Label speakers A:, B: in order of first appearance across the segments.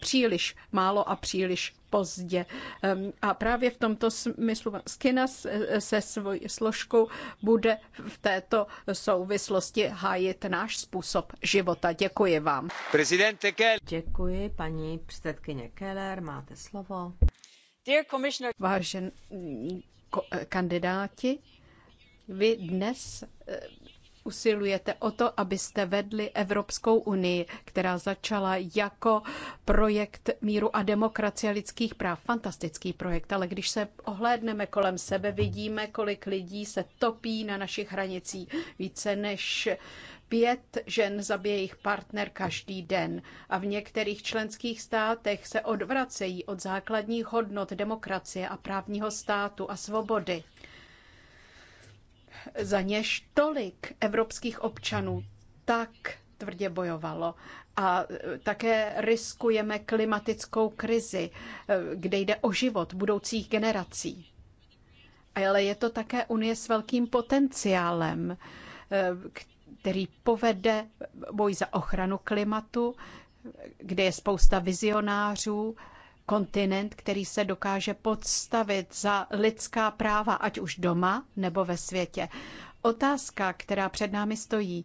A: příliš málo a příliš pozdě. A právě v tomto smyslu Skina se svojí složkou bude v této souvislosti hájit náš způsob života. Děkuji vám.
B: Prezidente Keller. Děkuji,
A: paní předsedkyně Keller, máte slovo. Dear Commissioner. Vážení kandidáti, vy dnes usilujete o to, abyste vedli Evropskou unii, která začala jako projekt míru a demokracie lidských práv. Fantastický projekt, ale když se ohlédneme kolem sebe, vidíme, kolik lidí se topí na našich hranicích. Více než pět žen zabije jejich partner každý den a v některých členských státech se odvracejí od základních hodnot demokracie a právního státu a svobody za něž tolik evropských občanů tak tvrdě bojovalo. A e, také riskujeme klimatickou krizi, e, kde jde o život budoucích generací. Ale je to také Unie s velkým potenciálem, e, který povede boj za ochranu klimatu, kde je spousta vizionářů kontinent, který se dokáže podstavit za lidská práva, ať už doma nebo ve světě. Otázka, která před námi stojí,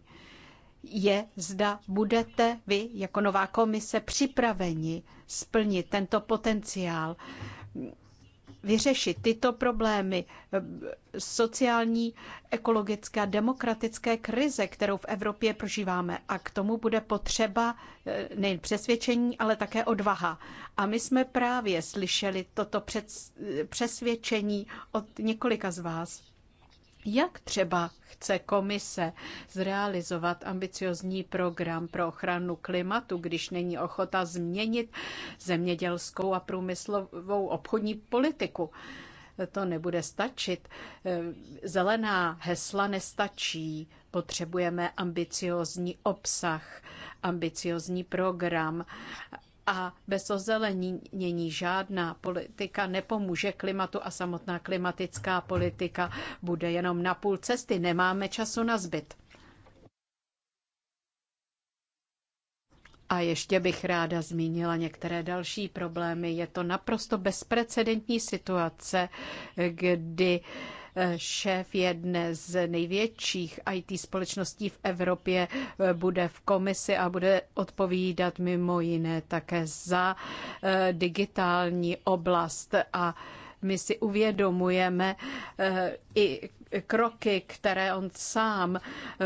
A: je, zda budete vy jako nová komise připraveni splnit tento potenciál vyřešit tyto problémy eh, sociální, ekologické a demokratické krize, kterou v Evropě prožíváme. A k tomu bude potřeba eh, nejen přesvědčení, ale také odvaha. A my jsme právě slyšeli toto eh, přesvědčení od několika z vás. Jak třeba chce komise zrealizovat ambiciozní program pro ochranu klimatu, když není ochota změnit zemědělskou a průmyslovou obchodní politiku? To nebude stačit. Eh, zelená hesla nestačí. Potřebujeme ambiciozní obsah, ambiciozní program a bez ozelenění žádná politika nepomůže klimatu a samotná klimatická politika bude jenom na půl cesty. Nemáme času na zbyt. A ještě bych ráda zmínila některé další problémy. Je to naprosto bezprecedentní situace, kdy Šéf jedné z největších IT společností v Evropě eh, bude v komisi a bude odpovídat mimo jiné také za eh, digitální oblast a my si uvědomujeme eh, i kroky, které on sám eh,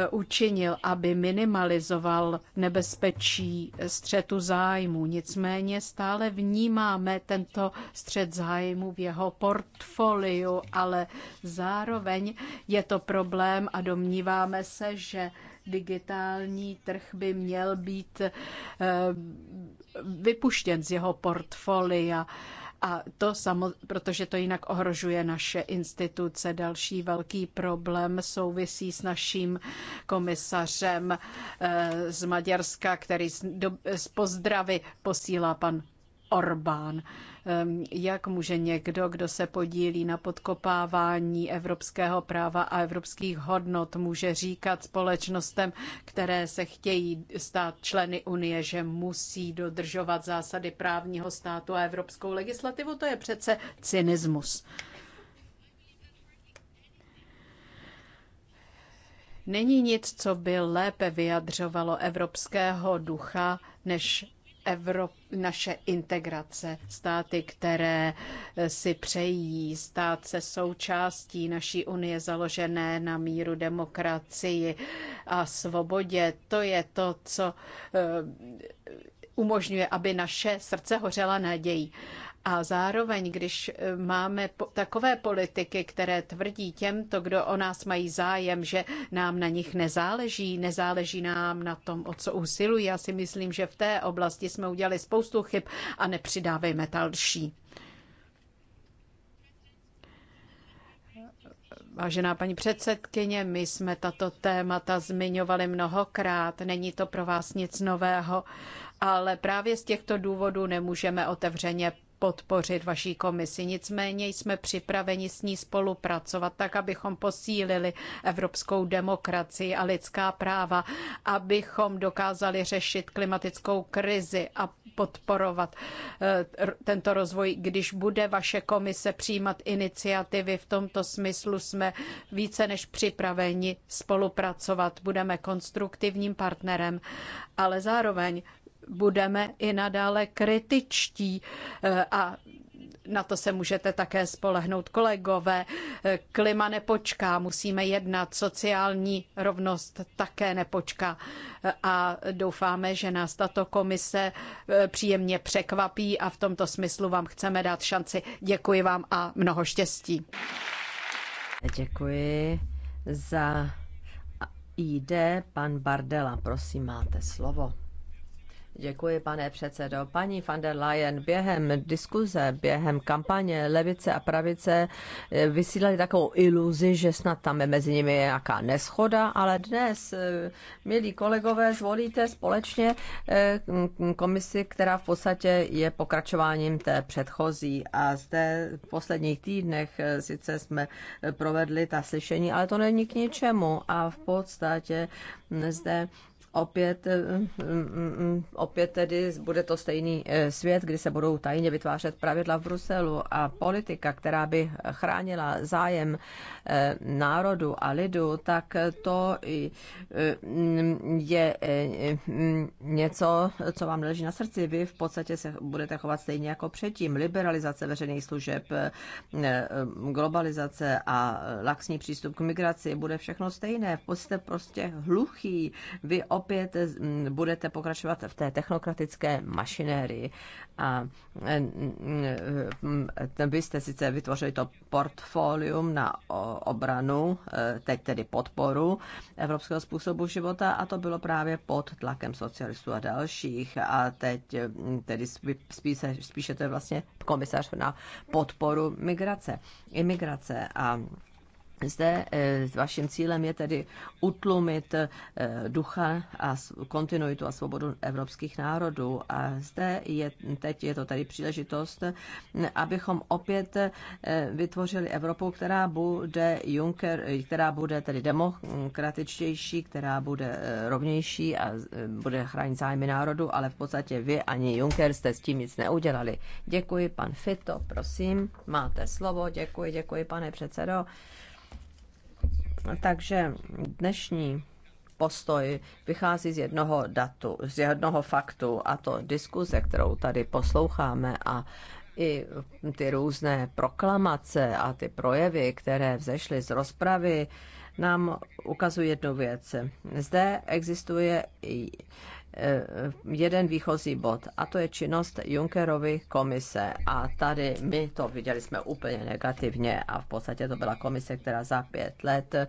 A: učinil, aby minimalizoval nebezpečí střetu zájmu. Nicméně stále vnímáme tento střet zájmu v jeho portfoliu, ale zároveň je to problém a domníváme se, že digitální trh by měl být eh, vypuštěn z jeho portfolia. A to samo, protože to jinak ohrožuje naše instituce. Další velký problém souvisí s naším komisařem eh, z Maďarska, který z pozdravy posílá pan Orbán. Jak může někdo, kdo se podílí na podkopávání evropského práva a evropských hodnot, může říkat společnostem, které se chtějí stát členy Unie, že musí dodržovat zásady právního státu a evropskou legislativu? To je přece cynismus. Není nic, co by lépe vyjadřovalo evropského ducha než Evrop, naše integrace, státy, které eh, si přejí stát se součástí naší unie založené na míru demokracii a svobodě. To je to, co eh, umožňuje, aby naše srdce hořela nadějí. A zároveň, když e, máme takové politiky, které tvrdí těmto, kdo o nás mají zájem, že nám na nich nezáleží, nezáleží nám na tom, o co usilují, já si myslím, že v té oblasti jsme udělali spoustu chyb a nepřidávejme další. Vážená paní předsedkyně, my jsme tato témata zmiňovali mnohokrát, není to pro vás nic nového, ale právě z těchto důvodů nemůžeme otevřeně podpořit vaší komisi. Nicméně jsme připraveni s ní spolupracovat tak, abychom posílili evropskou demokracii a lidská práva, abychom dokázali řešit klimatickou krizi a podporovat eh, tento rozvoj. Když bude vaše komise přijímat iniciativy v tomto smyslu, jsme více než připraveni spolupracovat. Budeme konstruktivním partnerem, ale zároveň budeme i nadále kritičtí eh, a na to se můžete také spolehnout kolegové. Eh, klima nepočká, musíme jednat, sociální rovnost také nepočká. Eh, a doufáme, že nás tato komise příjemně překvapí a v tomto smyslu vám chceme dát šanci. Děkuji vám a
B: mnoho štěstí. Děkuji za ID. Pan Bardela, prosím, máte slovo. Děkuji, pane předsedo. Paní van der Leyen, během diskuze, během kampaně levice a pravice eh, vysílali takovou iluzi, že snad tam je mezi nimi nějaká neschoda, ale dnes, eh, milí kolegové, zvolíte společně eh, komisi, která v podstatě je pokračováním té předchozí. A zde v posledních týdnech sice jsme provedli ta slyšení, ale to není k ničemu. A v podstatě zde opět, eh, mm, mm, mm, opět tedy bude to stejný eh, svět, kdy se budou tajně vytvářet pravidla v Bruselu a politika, která by chránila zájem eh, národu a lidu, tak to je něco, co vám leží na srdci. Vy v podstatě se budete chovat stejně jako předtím. Liberalizace veřejných služeb, globalizace a laxní přístup k migraci bude všechno stejné. Jste prostě hluchý. Vy opět eh, budete pokračovat v té technokratické mašinérii. A eh, eh, vy jste sice vytvořili to portfolium na obranu, teď tedy podporu evropského způsobu života a to bylo právě pod tlakem socialistů a dalších. A teď tedy spíše, spíše to je vlastně komisař na podporu migrace, imigrace a zde eh, vaším cílem je tedy utlumit eh, ducha a kontinuitu a svobodu evropských národů. A zde je, teď je to tady příležitost, abychom opět eh, vytvořili Evropu, která bude Juncker, která bude tedy demokratičtější, která bude rovnější a bude chránit zájmy národu, ale v podstatě vy ani Juncker jste s tím nic neudělali. Děkuji, pan Fito, prosím, máte slovo. Děkuji, děkuji, pane předsedo. Takže dnešní postoj vychází z jednoho datu, z jednoho faktu, a to diskuze, kterou tady posloucháme a i ty různé proklamace a ty projevy, které vzešly z rozpravy, nám ukazují jednu věc. Zde existuje i Eh, jeden výchozí bod, a to je činnost Junckerovy komise. A tady my to viděli jsme úplně negativně a v podstatě to byla komise, která za pět let eh,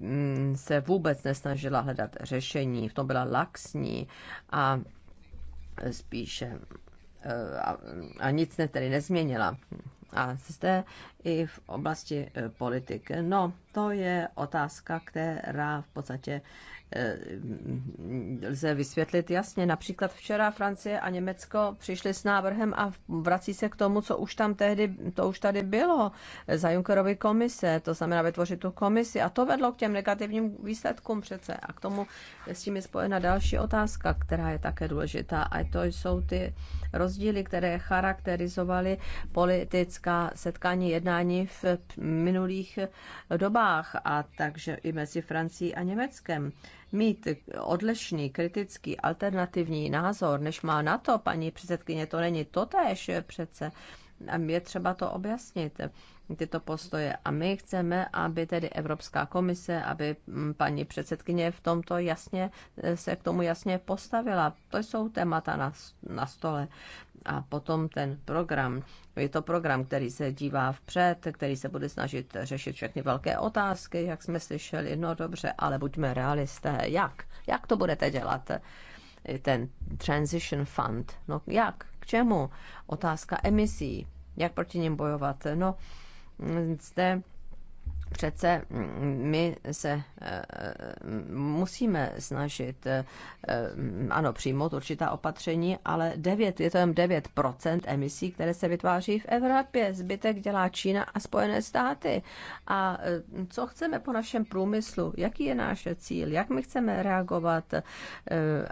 B: mm, se vůbec nesnažila hledat řešení, v tom byla laxní a spíše eh, a, a nic ne, tedy nezměnila. A zde i v oblasti politik. No, to je otázka, která v podstatě Eh, lze vysvětlit jasně. Například včera Francie a Německo přišli s návrhem a vrací se k tomu, co už tam tehdy, to už tady bylo za Junckerovy komise, to znamená vytvořit tu komisi a to vedlo k těm negativním výsledkům přece a k tomu s tím je spojena další otázka, která je také důležitá a to jsou ty rozdíly, které charakterizovaly politická setkání jednání v minulých dobách a takže i mezi Francií a Německem mít odlišný, kritický, alternativní názor, než má na to, paní předsedkyně, to není totéž přece. Je třeba to objasnit tyto postoje. A my chceme, aby tedy Evropská komise, aby mm, paní předsedkyně v tomto jasně eh, se k tomu jasně postavila. To jsou témata na, na stole. A potom ten program. Je to program, který se dívá vpřed, který se bude snažit řešit všechny velké otázky, jak jsme slyšeli. No dobře, ale buďme realisté. Jak? Jak to budete dělat? Eh, ten transition fund. No jak? K čemu? Otázka emisí. Jak proti ním bojovat? No, zde přece my se eh, musíme snažit, eh, ano, přijmout určitá opatření, ale 9, je to jen 9% emisí, které se vytváří v Evropě. Zbytek dělá Čína a Spojené státy. A eh, co chceme po našem průmyslu? Jaký je náš cíl? Jak my chceme reagovat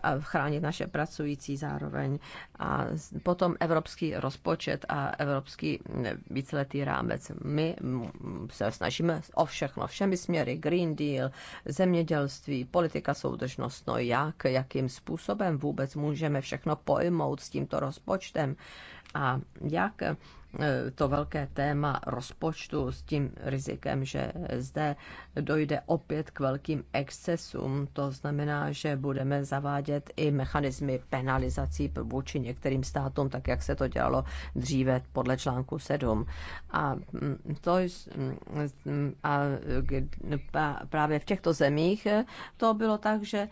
B: a chránit naše pracující zároveň? A potom evropský rozpočet a evropský víceletý rámec. My mm, se snažíme o všechno, všemi směry, Green Deal, zemědělství, politika soudržnost, no jak, jakým způsobem vůbec můžeme všechno pojmout s tímto rozpočtem a jak E, to velké téma rozpočtu s tím rizikem, že zde dojde opět k velkým excesům. To znamená, že budeme zavádět i mechanismy penalizací vůči některým státům, tak jak se to dělalo dříve podle článku 7. A, mm, to, mm, a právě v těchto zemích to bylo tak, že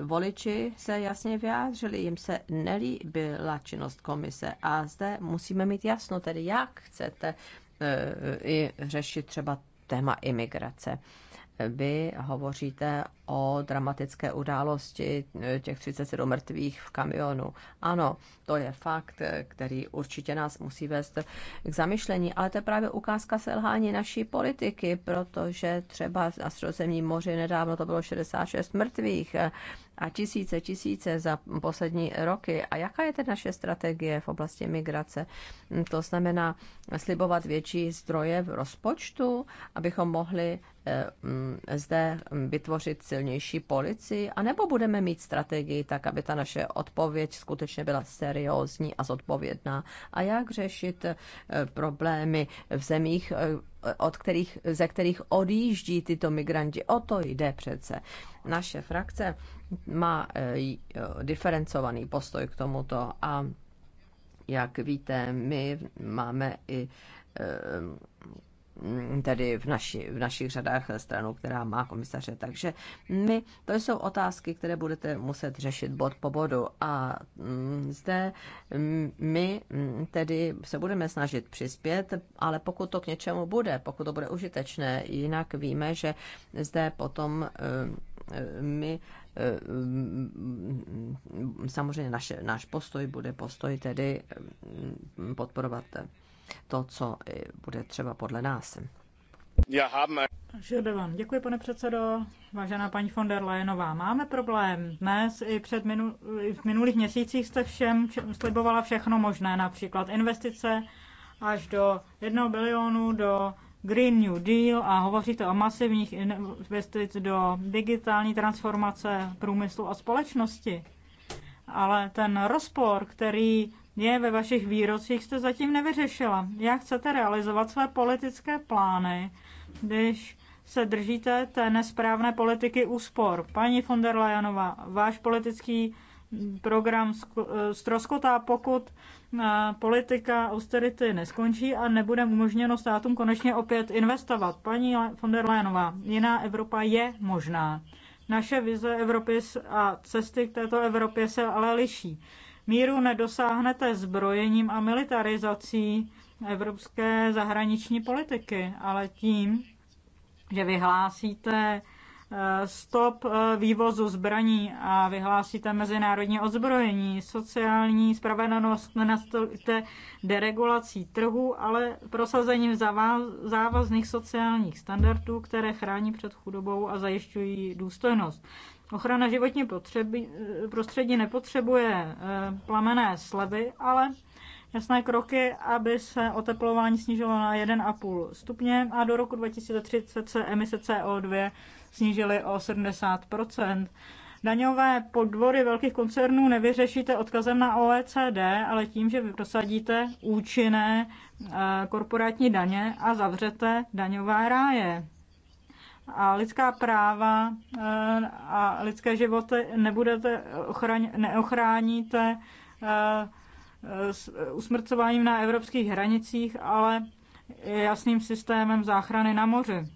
B: Voliči se jasně vyjádřili, jim se nelíbila činnost komise a zde musíme mít jasno, tedy jak chcete eh, i řešit třeba téma imigrace vy hovoříte o dramatické události těch 37 mrtvých v kamionu. Ano, to je fakt, který určitě nás musí vést k zamyšlení, ale to je právě ukázka selhání naší politiky, protože třeba na Středozemním moři nedávno to bylo 66 mrtvých a tisíce, tisíce za poslední roky. A jaká je tedy naše strategie v oblasti migrace? To znamená slibovat větší zdroje v rozpočtu, abychom mohli eh, mm, zde vytvořit silnější policii, anebo budeme mít strategii tak, aby ta naše odpověď skutečně byla seriózní a zodpovědná. A jak řešit eh, problémy v zemích, eh, od kterých, ze kterých odjíždí tyto migranti? O to jde přece. Naše frakce má e, e, diferencovaný postoj k tomuto a jak víte, my máme i e, tedy v, naši, v našich řadách stranu, která má komisaře. Takže my, to jsou otázky, které budete muset řešit bod po bodu a zde my tedy se budeme snažit přispět, ale pokud to k něčemu bude, pokud to bude užitečné, jinak víme, že zde potom my Eh, samozřejmě naše, náš postoj bude postoj tedy eh, podporovat to, co eh, bude třeba podle nás. Já
C: Žildevan, děkuji pane předsedo. Vážená paní von der Leyenová, máme problém. Dnes i před minu, i v minulých měsících jste všem slibovala všechno možné, například investice až do 1 bilionu, do Green New Deal a hovoříte o masivních investic do digitální transformace průmyslu a společnosti. Ale ten rozpor, který je ve vašich výrocích, jste zatím nevyřešila. Jak chcete realizovat své politické plány, když se držíte té nesprávné politiky úspor? Paní von der Leyenová, váš politický program stroskotá, eh, pokud eh, politika austerity neskončí a nebude umožněno státům konečně opět investovat. Paní von der Leyenová, jiná Evropa je možná. Naše vize Evropy a cesty k této Evropě se ale liší. Míru nedosáhnete zbrojením a militarizací evropské zahraniční politiky, ale tím, že vyhlásíte stop eh, vývozu zbraní a vyhlásíte mezinárodní odzbrojení. Sociální spravedlnost nenastolíte deregulací trhu, ale prosazením závazných sociálních standardů, které chrání před chudobou a zajišťují důstojnost. Ochrana životní potřeby, eh, prostředí nepotřebuje eh, plamené slevy, ale jasné kroky, aby se oteplování snížilo na 1,5 stupně a do roku 2030 se emise CO2 snížily o 70 Daňové podvody velkých koncernů nevyřešíte odkazem na OECD, ale tím, že vy prosadíte účinné eh, korporátní daně a zavřete daňová ráje. A lidská práva eh, a lidské životy nebudete ochraň, neochráníte eh, s usmrcováním na evropských hranicích, ale jasným systémem záchrany na moři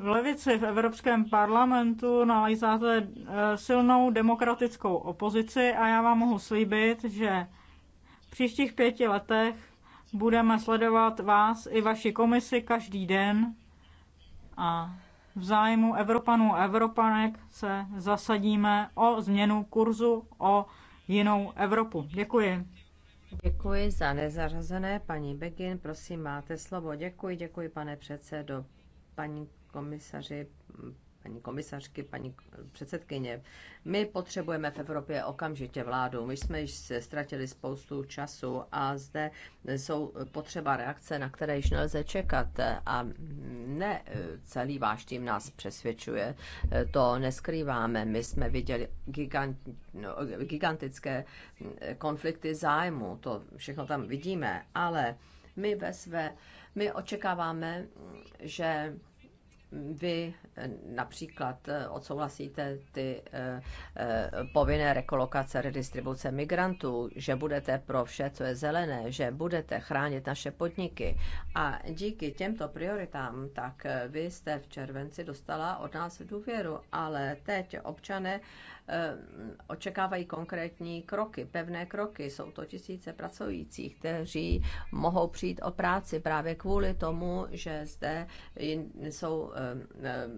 C: levici v Evropském parlamentu nalézáte eh, silnou demokratickou opozici a já vám mohu slíbit, že v příštích pěti letech budeme sledovat vás i vaši komisi každý den a v zájmu Evropanů a Evropanek se zasadíme o změnu kurzu, o jinou Evropu. Děkuji.
B: Děkuji za nezařazené. Paní Begin, prosím, máte slovo. Děkuji, děkuji, pane předsedo. Paní komisaři, paní komisařky, paní předsedkyně. My potřebujeme v Evropě okamžitě vládu. My jsme již ztratili spoustu času a zde jsou potřeba reakce, na které již nelze čekat. A ne celý váš tým nás přesvědčuje, to neskrýváme. My jsme viděli gigant, no, gigantické konflikty zájmu, to všechno tam vidíme, ale my ve své, my očekáváme, že vy eh, například eh, odsouhlasíte ty eh, povinné rekolokace, redistribuce migrantů, že budete pro vše, co je zelené, že budete chránit naše podniky. A díky těmto prioritám, tak vy jste v červenci dostala od nás důvěru, ale teď občané Eh, očekávají konkrétní kroky, pevné kroky. Jsou to tisíce pracujících, kteří mohou přijít o práci právě kvůli tomu, že zde jsou eh, eh,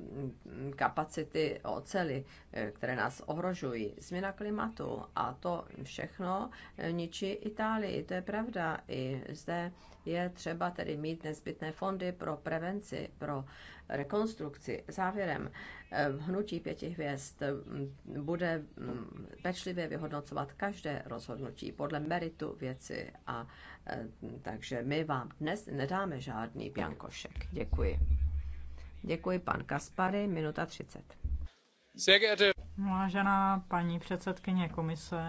B: kapacity ocely, které nás ohrožují. Změna klimatu a to všechno ničí Itálii, to je pravda. I zde je třeba tedy mít nezbytné fondy pro prevenci, pro rekonstrukci. Závěrem, hnutí pěti hvězd bude mm, pečlivě vyhodnocovat každé rozhodnutí podle meritu věci a mm, takže my vám dnes nedáme žádný biankošek. Děkuji. Děkuji pan Kaspary, minuta 30. Vážená paní předsedkyně
C: komise,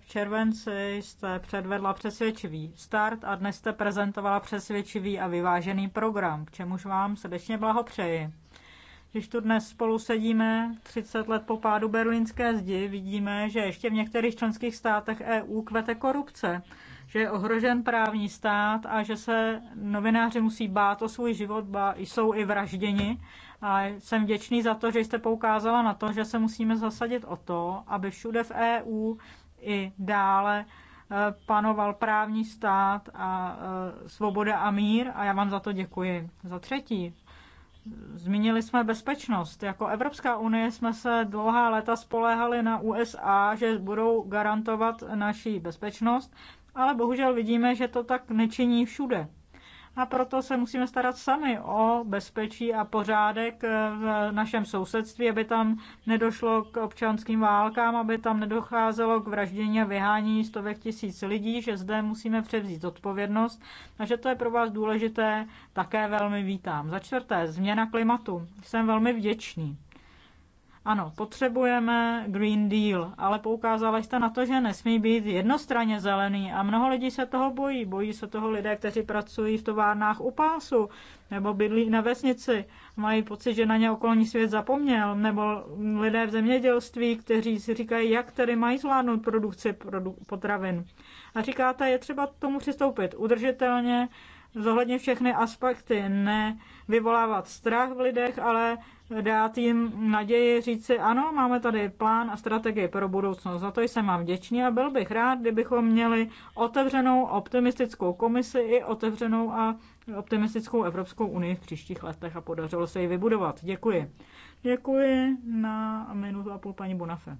C: v červenci jste předvedla přesvědčivý start a dnes jste prezentovala přesvědčivý a vyvážený program, k čemuž vám srdečně blahopřeji. Když tu dnes spolu sedíme 30 let po pádu berlínské zdi, vidíme, že ještě v některých členských státech EU kvete korupce, že je ohrožen právní stát a že se novináři musí bát o svůj život, ba, jsou i vražděni. A jsem vděčný za to, že jste poukázala na to, že se musíme zasadit o to, aby všude v EU i dále eh, panoval právní stát a eh, svoboda a mír a já vám za to děkuji. Za třetí, Zmínili jsme bezpečnost. Jako Evropská unie jsme se dlouhá léta spoléhali na USA, že budou garantovat naši bezpečnost, ale bohužel vidíme, že to tak nečiní všude a proto se musíme starat sami o bezpečí a pořádek eh, v našem sousedství, aby tam nedošlo k občanským válkám, aby tam nedocházelo k vraždění a vyhání stovek tisíc lidí, že zde musíme převzít odpovědnost a že to je pro vás důležité, také velmi vítám. Za čtvrté, změna klimatu. Jsem velmi vděčný ano, potřebujeme Green Deal, ale poukázala jste na to, že nesmí být jednostranně zelený a mnoho lidí se toho bojí. Bojí se toho lidé, kteří pracují v továrnách u pásu nebo bydlí na vesnici, mají pocit, že na ně okolní svět zapomněl, nebo lidé v zemědělství, kteří si říkají, jak tedy mají zvládnout produkci produ- potravin. A říkáte, je třeba tomu přistoupit udržitelně, zohledně všechny aspekty, ne vyvolávat strach v lidech, ale dát jim naději říci, ano, máme tady plán a strategii pro budoucnost. Za to jsem vám vděčný a byl bych rád, kdybychom měli otevřenou optimistickou komisi i otevřenou a optimistickou Evropskou unii v příštích letech a podařilo se ji vybudovat. Děkuji. Děkuji na minutu a půl paní Bonafe.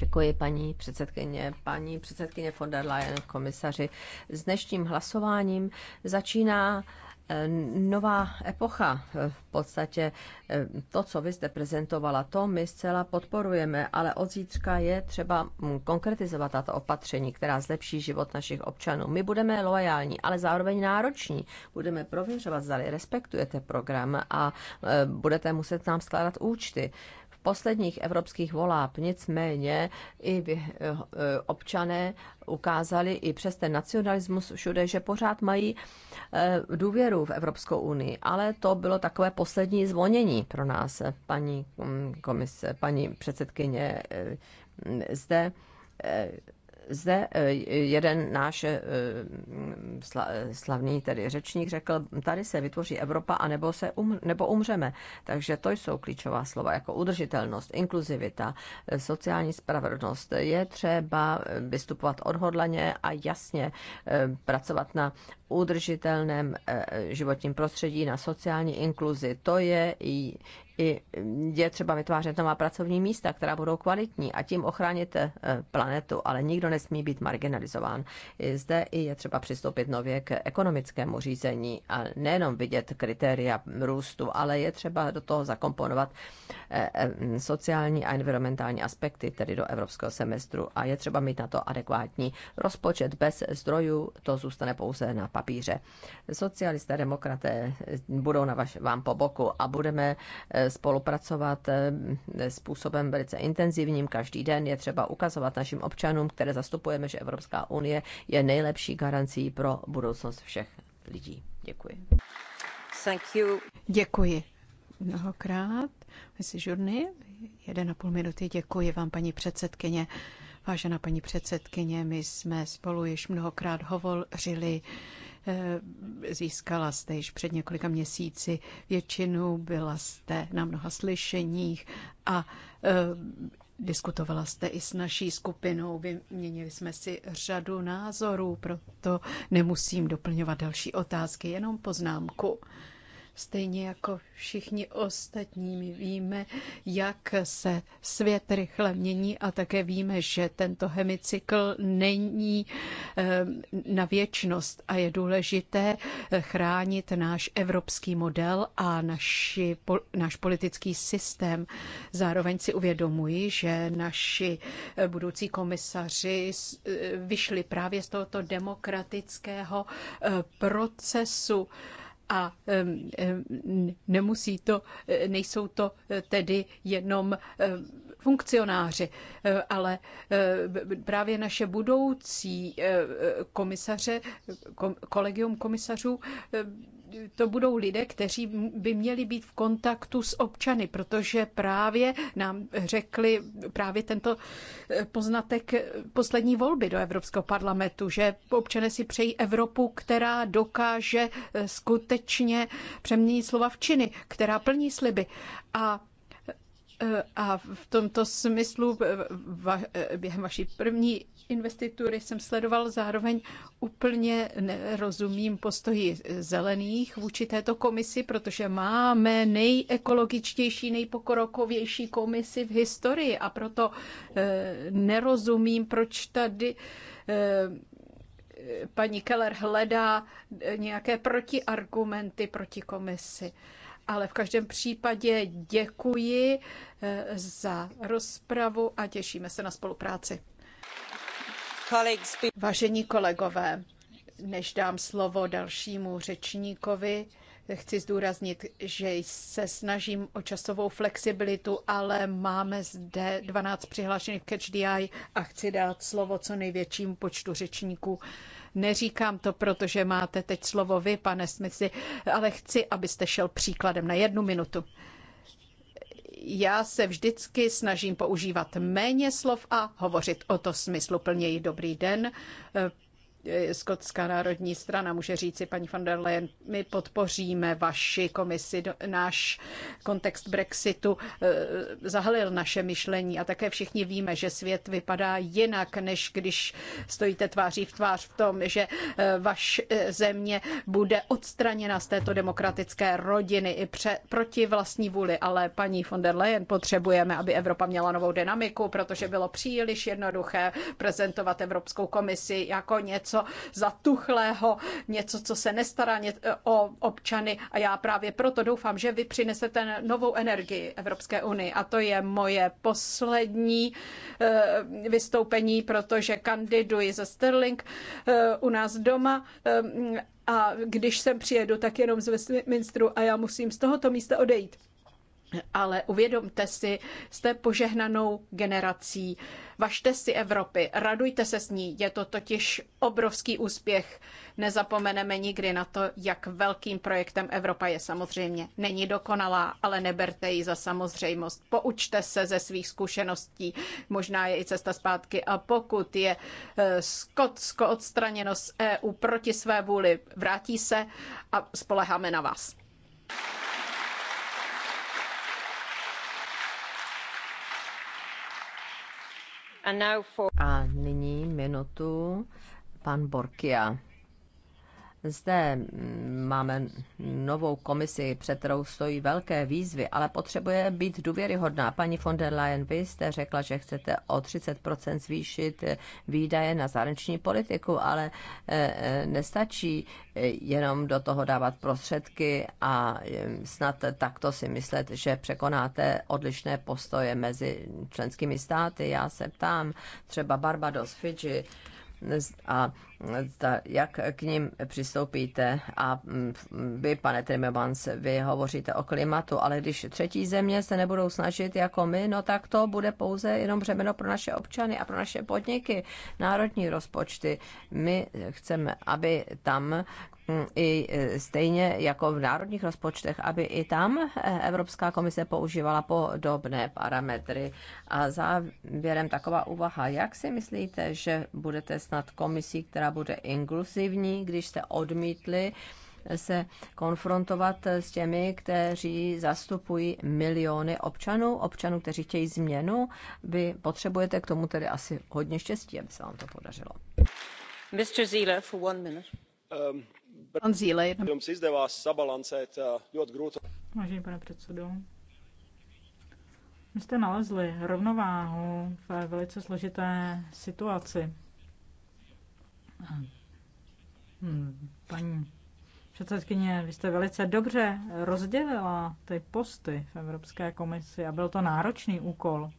B: Děkuji paní předsedkyně, paní předsedkyně von der Leyen, komisaři. S dnešním hlasováním začíná Eh, nová epocha. Eh, v podstatě eh, to, co vy jste prezentovala, to my zcela podporujeme, ale od zítřka je třeba hm, konkretizovat tato opatření, která zlepší život našich občanů. My budeme loajální, ale zároveň nároční. Budeme prověřovat, zda respektujete program a budete muset nám skládat účty posledních evropských voláb. Nicméně i eh, občané ukázali i přes ten nacionalismus všude, že pořád mají eh, důvěru v Evropskou unii. Ale to bylo takové poslední zvonění pro nás, paní mm, komise, paní předsedkyně eh, zde zde e, jeden náš e, slavný tedy řečník řekl, tady se vytvoří Evropa a nebo, se um, nebo umřeme. Takže to jsou klíčová slova jako udržitelnost, inkluzivita, e, sociální spravedlnost. Je třeba vystupovat odhodlaně a jasně pracovat na udržitelném životním prostředí, na sociální inkluzi. To je i je třeba vytvářet nová pracovní místa, která budou kvalitní a tím ochránit eh, planetu, ale nikdo nesmí být marginalizován. I zde i je třeba přistoupit nově k ekonomickému řízení a nejenom vidět kritéria růstu, ale je třeba do toho zakomponovat eh, eh, sociální a environmentální aspekty, tedy do evropského semestru a je třeba mít na to adekvátní rozpočet bez zdrojů, to zůstane pouze na papíře. Socialisté, demokraté budou na vaš, vám po boku a budeme spolupracovat eh, způsobem velice intenzivním. Každý den je třeba ukazovat našim občanům, které zastupujeme, že Evropská unie je nejlepší garancí pro budoucnost všech lidí. Děkuji. Thank you. Děkuji
A: mnohokrát. Mesi Žurny, jeden a půl minuty. Děkuji vám, paní předsedkyně. Vážená paní předsedkyně, my jsme spolu již mnohokrát hovořili Eh, získala jste již před několika měsíci většinu, byla jste na mnoha slyšeních a eh, Diskutovala jste i s naší skupinou, vyměnili jsme si řadu názorů, proto nemusím doplňovat další otázky, jenom poznámku. Stejně jako všichni ostatní my víme, jak se svět rychle mění a také víme, že tento hemicykl není ehm, na věčnost a je důležité eh, chránit náš evropský model a naši, náš politický systém. Zároveň si uvědomuji, že naši eh, budoucí komisaři eh, vyšli právě z tohoto demokratického procesu, a nemusí to, e, nejsou to e, tedy jenom e, funkcionáři, ale právě naše budoucí komisaře, kolegium komisařů to budou lidé, kteří by měli být v kontaktu s občany, protože právě nám řekli právě tento eh, poznatek eh, poslední volby do Evropského parlamentu, že občané si přejí Evropu, která dokáže eh, skutečně přeměnit slova v činy, která plní sliby. A a v tomto smyslu během vaší první investitury jsem sledoval, zároveň úplně nerozumím postoji zelených vůči této komisi, protože máme nejekologičtější, nejpokrokovější komisi v historii a proto eh, nerozumím, proč tady eh, paní Keller hledá nějaké protiargumenty proti komisi. Ale v každém případě děkuji eh, za rozpravu a těšíme se na spolupráci. Vážení kolegové, než dám slovo dalšímu řečníkovi, chci zdůraznit, že se snažím o časovou flexibilitu, ale máme zde 12 přihlášených Catch DI a chci dát slovo co největšímu počtu řečníků. Neříkám to, protože máte teď slovo vy, pane Smici, ale chci, abyste šel příkladem na jednu minutu já se vždycky snažím používat méně slov a hovořit o to smysluplněji. Dobrý den, Eh, skotská národní strana může říci, paní von der Leyen, my podpoříme vaši komisi, náš kontext Brexitu eh, zahalil naše myšlení a také všichni víme, že svět vypadá jinak, než když stojíte tváří v tvář v tom, že eh, vaše země bude odstraněna z této demokratické rodiny i pře- proti vlastní vůli, ale paní von der Leyen potřebujeme, aby Evropa měla novou dynamiku, protože bylo příliš jednoduché prezentovat Evropskou komisi jako něco, něco zatuchlého, něco, co se nestará e, o občany a já právě proto doufám, že vy přinesete novou energii Evropské unii a to je moje poslední e, vystoupení, protože kandiduji za Sterling e, u nás doma a když sem přijedu, tak jenom z Westminsteru a já musím z tohoto místa odejít. Ale uvědomte si, jste požehnanou generací. Važte si Evropy, radujte se s ní. Je to totiž obrovský úspěch. Nezapomeneme nikdy na to, jak velkým projektem Evropa je samozřejmě. Není dokonalá, ale neberte ji za samozřejmost. Poučte se ze svých zkušeností. Možná je i cesta zpátky. A pokud je eh, Skotsko odstraněno z EU proti své vůli, vrátí se a spoleháme na vás.
B: A nyní minutu pan Borkia. Zde mm, máme novou komisi, před kterou stojí velké výzvy, ale potřebuje být důvěryhodná. Paní von der Leyen, vy jste řekla, že chcete o 30% zvýšit výdaje na zahraniční politiku, ale e, e, nestačí e, jenom do toho dávat prostředky a snad takto si myslet, že překonáte odlišné postoje mezi členskými státy. Já se ptám, třeba Barbados, Fidži a ta, jak k ním přistoupíte. A mm, vy, pane Timmermans, vy hovoříte o klimatu, ale když třetí země se nebudou snažit jako my, no tak to bude pouze jenom břemeno pro naše občany a pro naše podniky, národní rozpočty. My chceme, aby tam mm, i e, stejně jako v národních rozpočtech, aby i tam e, Evropská komise používala podobné parametry. A závěrem taková úvaha, jak si myslíte, že budete snad komisí, která bude inkluzivní, když jste odmítli se konfrontovat s těmi, kteří zastupují miliony občanů, občanů, kteří chtějí změnu. Vy potřebujete k tomu tedy asi hodně štěstí, aby se vám to podařilo.
A: Mr. Zíle, for one minute. Um, Pan Zíle, uh,
B: Vážený pane
C: předsedo, my jste nalezli rovnováhu v velice složité situaci. Hm, paní předsedkyně, vy jste velice dobře rozdělila ty posty v Evropské komisi a byl to náročný úkol.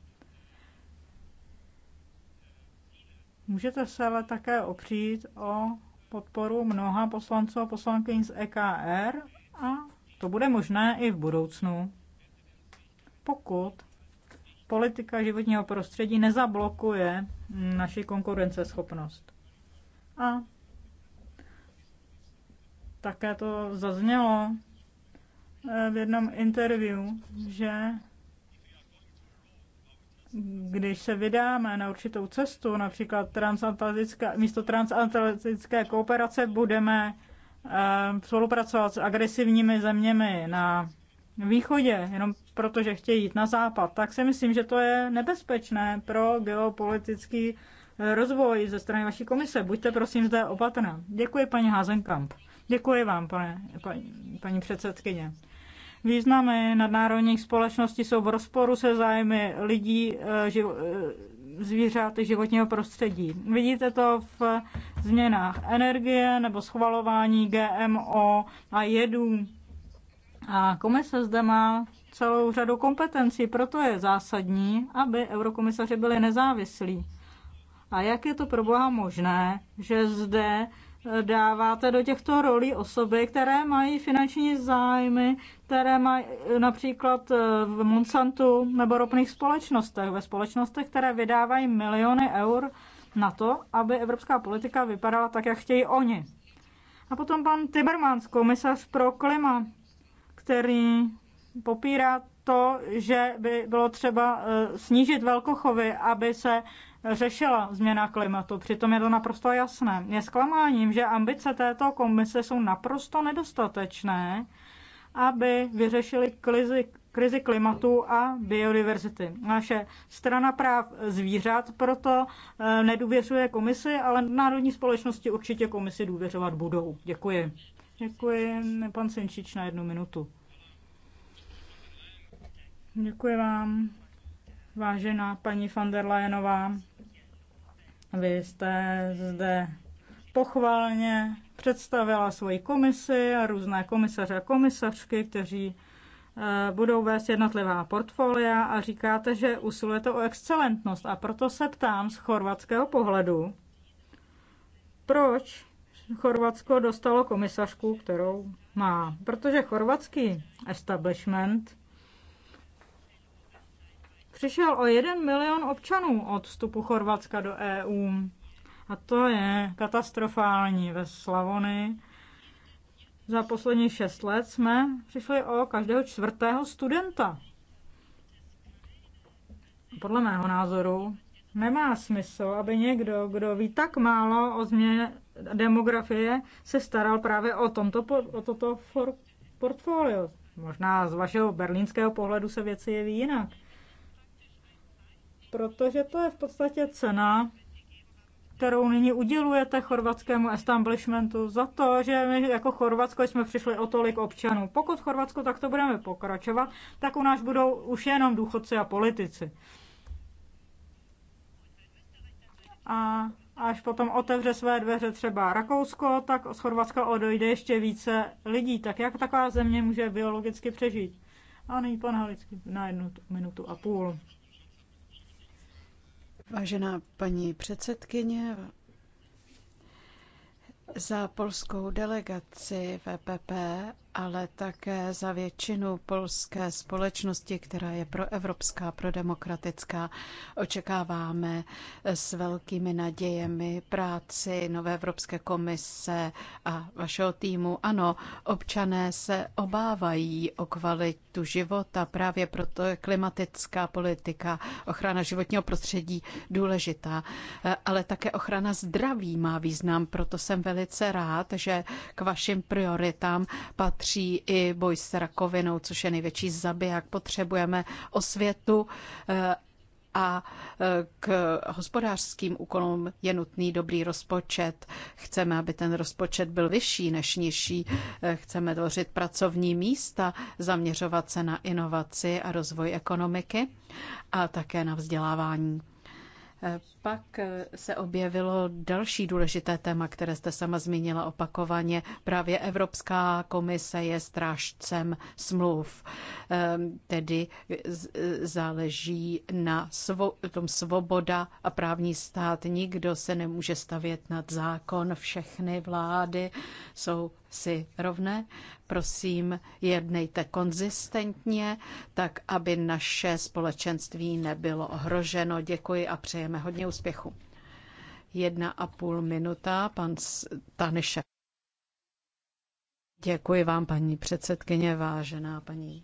C: Můžete se ale také opřít o podporu mnoha poslanců a poslankyň z EKR a to bude možné i v budoucnu, pokud politika životního prostředí nezablokuje naši konkurenceschopnost. A také to zaznělo eh, v jednom interview, že když se vydáme na určitou cestu, například transatlantická, místo transatlantické kooperace budeme eh, spolupracovat s agresivními zeměmi na východě, jenom protože chtějí jít na západ, tak si myslím, že to je nebezpečné pro geopolitický rozvoj ze strany vaší komise. Buďte prosím zde opatrná. Děkuji paní Házenkamp. Děkuji vám, pane, paní, paní předsedkyně. Významy nadnárodních společností jsou v rozporu se zájmy lidí, eh, živ, eh, zvířat životního prostředí. Vidíte to v změnách energie nebo schvalování GMO a jedů. A komise zde má celou řadu kompetencí, proto je zásadní, aby eurokomisaři byli nezávislí. A jak je to pro Boha možné, že zde eh, dáváte do těchto rolí osoby, které mají finanční zájmy, které mají eh, například eh, v Monsantu nebo ropných společnostech, ve společnostech, které vydávají miliony eur na to, aby evropská politika vypadala tak, jak chtějí oni. A potom pan Timmermans, komisař pro klima, který popírá to, že by bylo třeba snížit velkochovy, aby se řešila změna klimatu. Přitom je to naprosto jasné. Je zklamáním, že ambice této komise jsou naprosto nedostatečné, aby vyřešili krizi, krizi klimatu a biodiverzity. Naše strana práv zvířat proto eh, nedůvěřuje komisi, ale národní společnosti určitě komisi důvěřovat budou. Děkuji. Děkuji. Pan Sinčič na jednu minutu. Děkuji vám, vážená paní van der Leyenová. Vy jste zde pochválně představila svoji komisi a různé komisaře a komisařky, kteří eh, budou vést jednotlivá portfolia a říkáte, že usilujete o excelentnost. A proto se ptám z chorvatského pohledu, proč Chorvatsko dostalo komisařku, kterou má. Protože chorvatský establishment přišel o 1 milion občanů od vstupu Chorvatska do EU. A to je katastrofální ve Slavony. Za poslední šest let jsme přišli o každého čtvrtého studenta. Podle mého názoru nemá smysl, aby někdo, kdo ví tak málo o změně demografie, se staral právě o, tomto, o toto portfolio. Možná z vašeho berlínského pohledu se věci jeví jinak protože to je v podstatě cena, kterou nyní udělujete chorvatskému establishmentu za to, že my jako Chorvatsko jsme přišli o tolik občanů. Pokud Chorvatsko takto budeme pokračovat, tak u nás budou už jenom důchodci a politici. A až potom otevře své dveře třeba Rakousko, tak z Chorvatska odejde ještě více lidí. Tak jak taková země může biologicky přežít? A nyní pan Halický na jednu minutu a půl. Vážená
A: paní předsedkyně, za polskou delegaci VPP ale také za většinu polské společnosti, která je proevropská, prodemokratická. Očekáváme s velkými nadějemi práci Nové Evropské komise a vašeho týmu. Ano, občané se obávají o kvalitu života, právě proto je klimatická politika, ochrana životního prostředí důležitá, ale také ochrana zdraví má význam, proto jsem velice rád, že k vašim prioritám patří patří i boj s rakovinou, což je největší zabiják. Potřebujeme osvětu eh, a eh, k hospodářským úkolům je nutný dobrý rozpočet. Chceme, aby ten rozpočet byl vyšší než nižší. Eh, chceme tvořit pracovní místa, zaměřovat se na inovaci a rozvoj ekonomiky a také na vzdělávání. Pak se objevilo další důležité téma, které jste sama zmínila opakovaně. Právě Evropská komise je strážcem smluv, ehm, tedy záleží na tom svoboda a právní stát. Nikdo se nemůže stavět nad zákon, všechny vlády jsou si rovné Prosím, jednejte konzistentně, tak aby naše společenství nebylo ohroženo. Děkuji a přejeme hodně úspěchu. Jedna a půl minuta, pan Taniše. Děkuji vám, paní předsedkyně, vážená paní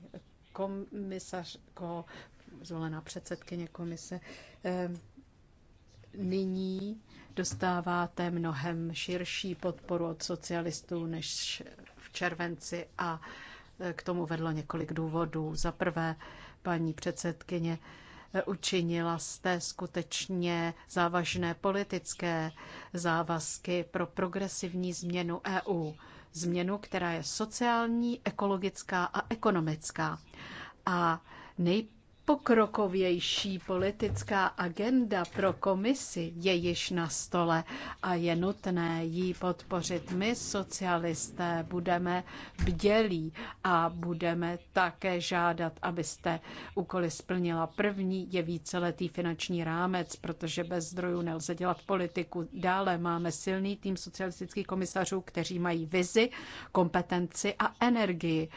A: komisařko, zvolená předsedkyně komise. Ehm, nyní dostáváte mnohem širší podporu od socialistů než červenci a e, k tomu vedlo několik důvodů. Za prvé, paní předsedkyně, e, učinila jste skutečně závažné politické závazky pro progresivní změnu EU. Změnu, která je sociální, ekologická a ekonomická. A nej Nejpokrokovější politická agenda pro komisi je již na stole a je nutné ji podpořit. My, socialisté, budeme bdělí a budeme také žádat, abyste úkoly splnila. První je víceletý finanční rámec, protože bez zdrojů nelze dělat politiku. Dále máme silný tým socialistických komisařů, kteří mají vizi, kompetenci a energii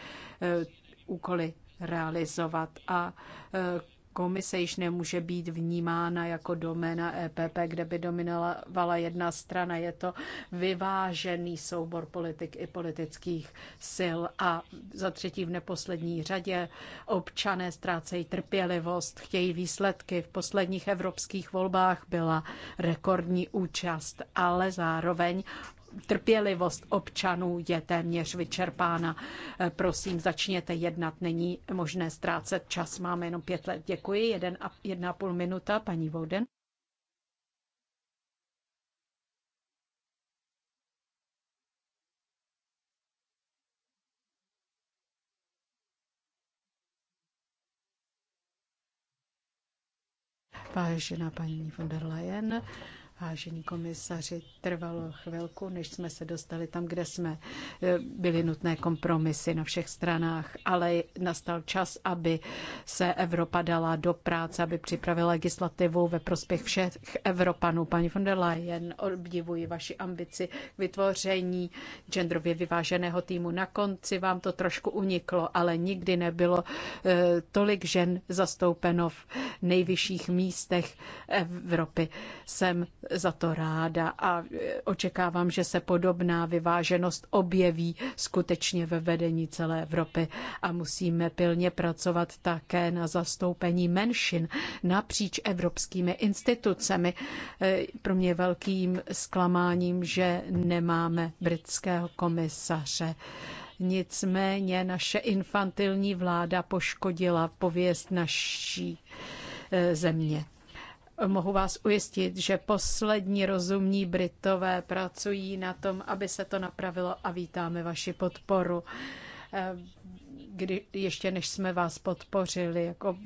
A: e, úkoly realizovat a e, komise již nemůže být vnímána jako doména EPP, kde by dominovala jedna strana. Je to vyvážený soubor politik i politických sil a za třetí v neposlední řadě občané ztrácejí trpělivost, chtějí výsledky. V posledních evropských volbách byla rekordní účast, ale zároveň trpělivost občanů je téměř vyčerpána. Eh, prosím, začněte jednat, není možné ztrácet čas, máme jenom pět let. Děkuji, jeden a, jedna a půl minuta, paní Vouden. Vážená paní von der Leyen, Vážení komisaři, trvalo chvilku, než jsme se dostali tam, kde jsme. E, byly nutné kompromisy na všech stranách, ale nastal čas, aby se Evropa dala do práce, aby připravila legislativu ve prospěch všech Evropanů. Paní von der Leyen, obdivuji vaši ambici k vytvoření genderově vyváženého týmu. Na konci vám to trošku uniklo, ale nikdy nebylo e, tolik žen zastoupeno v nejvyšších místech Evropy. Jsem za to ráda a očekávám, že se podobná vyváženost objeví skutečně ve vedení celé Evropy a musíme pilně pracovat také na zastoupení menšin napříč evropskými institucemi. E, pro mě velkým zklamáním, že nemáme britského komisaře. Nicméně naše infantilní vláda poškodila pověst naší e, země. Mohu vás ujistit, že poslední rozumní Britové pracují na tom, aby se to napravilo a vítáme vaši podporu. Ehm, kdy, ještě než jsme vás podpořili jako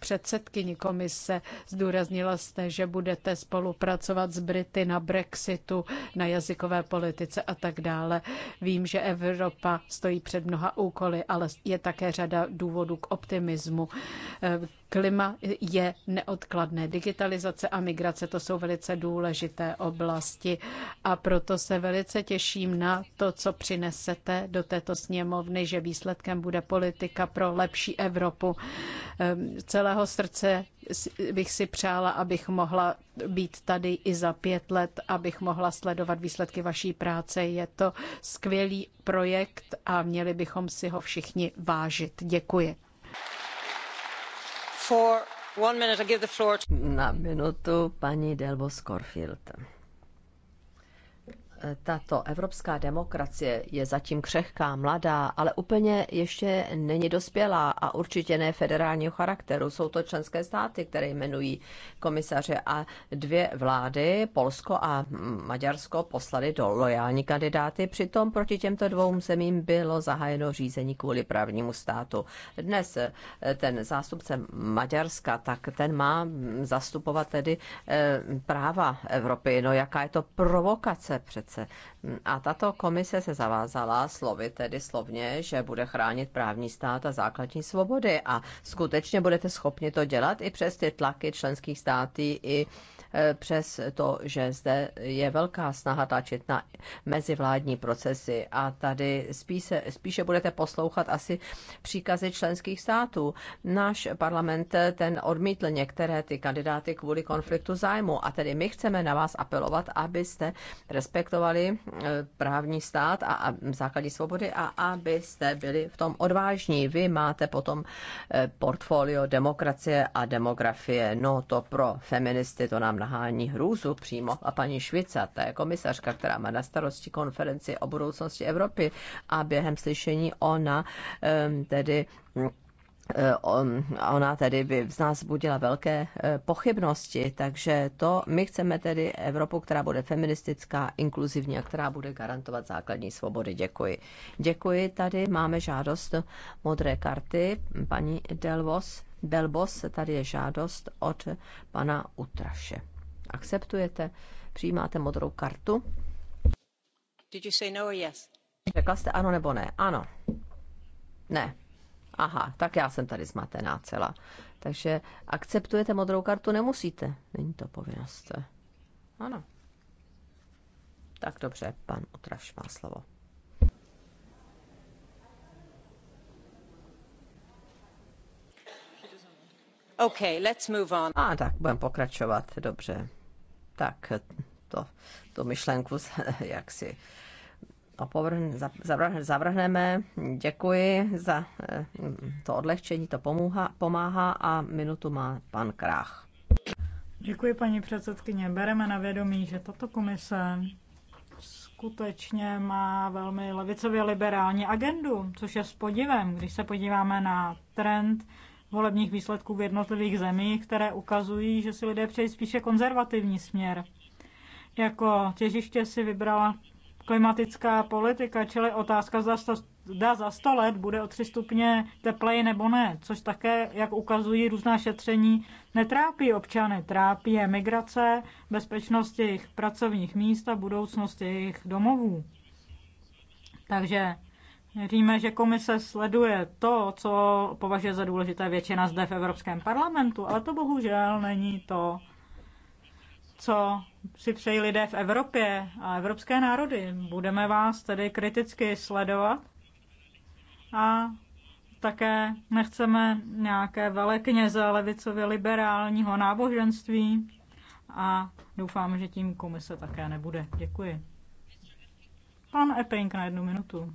A: předsedkyni komise. Zdůraznila jste, že budete spolupracovat s Brity na Brexitu, na jazykové politice a tak dále. Vím, že Evropa stojí před mnoha úkoly, ale je také řada důvodů k optimismu. Klima je neodkladné. Digitalizace a migrace to jsou velice důležité oblasti a proto se velice těším na to, co přinesete do této sněmovny, že výsledkem bude politika pro lepší Evropu. Celé celého srdce bych si přála, abych mohla být tady i za pět let, abych mohla sledovat výsledky vaší práce. Je to skvělý projekt a měli bychom si ho všichni vážit. Děkuji.
B: For one minute, I give the floor to... Na minutu paní Delvo Scorfield tato evropská demokracie je zatím křehká, mladá, ale úplně ještě není dospělá a určitě ne federálního charakteru. Jsou to členské státy, které jmenují komisaře a dvě vlády, Polsko a Maďarsko, poslali do lojální kandidáty. Přitom proti těmto dvou zemím bylo zahájeno řízení kvůli právnímu státu. Dnes eh, ten zástupce Maďarska, tak ten má zastupovat tedy eh, práva Evropy. No jaká je to provokace před práce. A tato komise se zavázala slovy, tedy slovně, že bude chránit právní stát a základní svobody. A skutečně budete schopni to dělat i přes ty tlaky členských států i Eh, přes to, že zde je velká snaha tlačit na mezivládní procesy a tady spíše, spíše budete poslouchat asi příkazy členských států. Náš parlament eh, ten odmítl některé ty kandidáty kvůli konfliktu zájmu a tedy my chceme na vás apelovat, abyste respektovali eh, právní stát a základní svobody a abyste byli v tom odvážní. Vy máte potom portfolio demokracie a demografie. No to pro feministy to nám nahání hrůzu přímo. A paní Švica, to je komisařka, která má na starosti konferenci o budoucnosti Evropy a během slyšení ona tedy mm, e, On, ona tedy by z nás budila velké e, pochybnosti, takže to my chceme tedy Evropu, která bude feministická, inkluzivní a která bude garantovat základní svobody. Děkuji. Děkuji. Tady máme žádost modré karty. Paní Delvos, Belbos, tady je žádost od pana Utraše. Akceptujete? Přijímáte modrou kartu?
C: Did you say no or yes?
B: Řekla jste ano nebo ne? Ano. Ne. Aha, tak já jsem tady zmatená celá. Takže akceptujete modrou kartu? Nemusíte. Není to povinnost. Ano. Tak dobře, pan Utraš má slovo. Okay, let's move on. A tak budeme pokračovat, dobře tak to, tu myšlenku jak si zavrhneme. Děkuji za eh, to odlehčení, to pomůha, pomáhá a minutu má pan Krách.
C: Děkuji, paní předsedkyně. Bereme na vědomí, že tato komise skutečně má velmi levicově liberální agendu, což je s podivem, když se podíváme na trend volebních výsledků v jednotlivých zemích, které ukazují, že si lidé přejí spíše konzervativní směr. Jako těžiště si vybrala klimatická politika, čili otázka, zda, sto, zda za 100 let bude o 3 stupně tepleji nebo ne, což také, jak ukazují různá šetření, netrápí občany, trápí je migrace, bezpečnost jejich pracovních míst a budoucnost jejich domovů. Takže Víme, že komise sleduje to, co považuje za důležité většina zde v Evropském parlamentu, ale to bohužel není to, co si přejí lidé v Evropě a evropské národy. Budeme vás tedy kriticky sledovat a také nechceme nějaké velekně za levicově liberálního náboženství a doufám, že tím komise také nebude. Děkuji. Pan Epping na jednu minutu.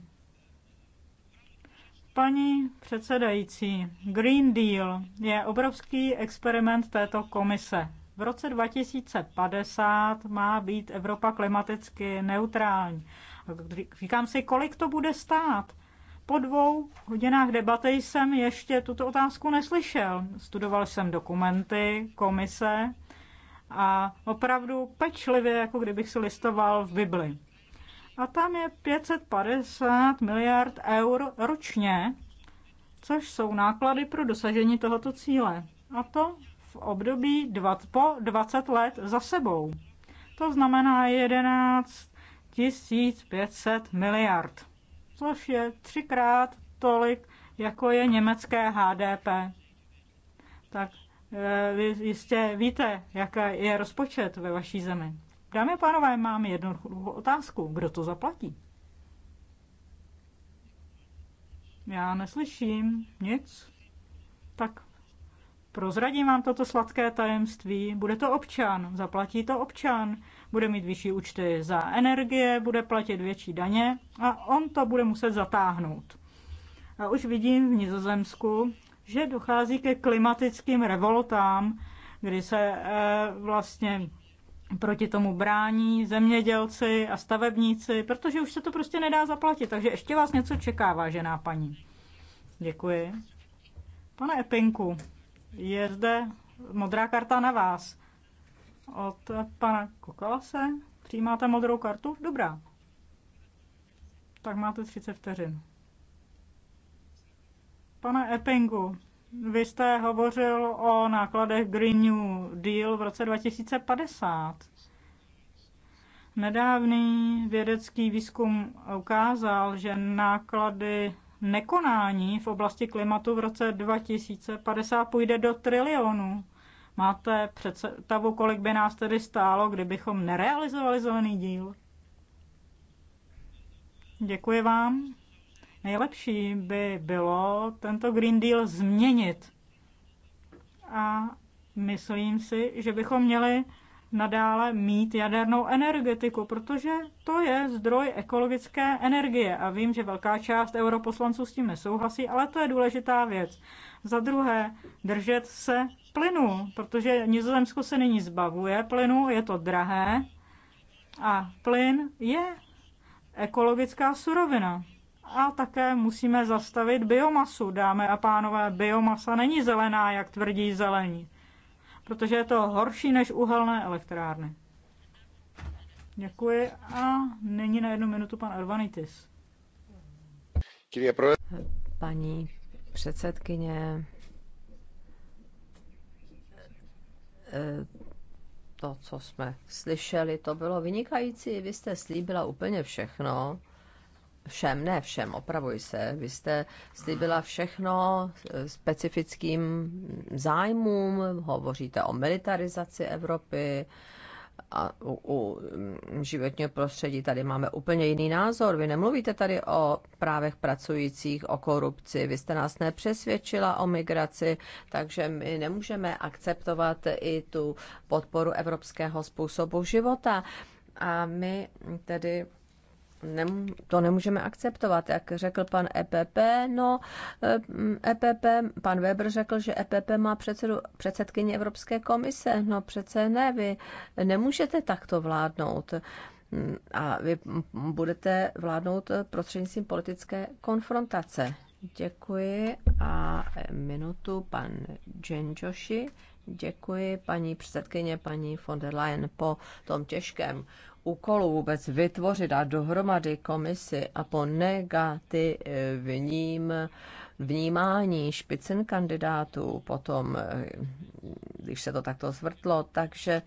C: Paní předsedající, Green Deal je obrovský experiment této komise. V roce 2050 má být Evropa klimaticky neutrální. Říkám si, kolik to bude stát. Po dvou hodinách debaty jsem ještě tuto otázku neslyšel. Studoval jsem dokumenty komise a opravdu pečlivě, jako kdybych si listoval v Bibli. A tam je 550 miliard eur ročně, což jsou náklady pro dosažení tohoto cíle. A to v období 20, po 20 let za sebou. To znamená 11 500 miliard, což je třikrát tolik, jako je německé HDP. Tak eh, vy jistě víte, jaká je rozpočet ve vaší zemi. Dámy a pánové, mám jednoduchou otázku. Kdo to zaplatí? Já neslyším nic. Tak prozradím vám toto sladké tajemství. Bude to občan, zaplatí to občan, bude mít vyšší účty za energie, bude platit větší daně a on to bude muset zatáhnout. A už vidím v Nizozemsku, že dochází ke klimatickým revoltám, kdy se e, vlastně proti tomu brání zemědělci a stavebníci, protože už se to prostě nedá zaplatit. Takže ještě vás něco čeká, vážená paní. Děkuji. Pane Epinku, je zde modrá karta na vás. Od pana Kokalase. Přijímáte modrou kartu? Dobrá. Tak máte 30 vteřin. Pane Epingu, vy jste hovořil o nákladech Green New Deal v roce 2050. Nedávný vědecký výzkum ukázal, že náklady nekonání v oblasti klimatu v roce 2050 půjde do trilionu. Máte představu, kolik by nás tedy stálo, kdybychom nerealizovali zelený díl? Děkuji vám. Nejlepší by bylo tento Green Deal změnit. A myslím si, že bychom měli nadále mít jadernou energetiku, protože to je zdroj ekologické energie. A vím, že velká část europoslanců s tím nesouhlasí, ale to je důležitá věc. Za druhé, držet se plynu, protože Nizozemsko se nyní zbavuje plynu, je to drahé a plyn je ekologická surovina. A také musíme zastavit biomasu. Dámy a pánové, biomasa není zelená, jak tvrdí zelení, protože je to horší než uhelné elektrárny. Děkuji a není na jednu minutu pan Arvanitis.
B: Paní předsedkyně, eh, to, co jsme slyšeli, to bylo vynikající. Vy jste slíbila úplně všechno všem, ne všem, opravuj se, vy jste slíbila všechno specifickým zájmům, hovoříte o militarizaci Evropy, a u, u životního prostředí tady máme úplně jiný názor. Vy nemluvíte tady o právech pracujících, o korupci, vy jste nás nepřesvědčila o migraci, takže my nemůžeme akceptovat i tu podporu evropského způsobu života. A my tedy nem, to nemůžeme akceptovat. Jak řekl pan EPP, no EPP, eh, e pan Weber řekl, že EPP má předsedu, předsedkyni Evropské komise. No přece ne, vy nemůžete takto vládnout a vy budete vládnout prostřednictvím politické konfrontace. Děkuji a minutu pan Jenjoshi. Děkuji paní předsedkyně, paní von der Leyen po tom těžkém úkolů vůbec vytvořit a dohromady komisy a po negativním vnímání špicen kandidátů potom, eh, když se to takto zvrtlo, takže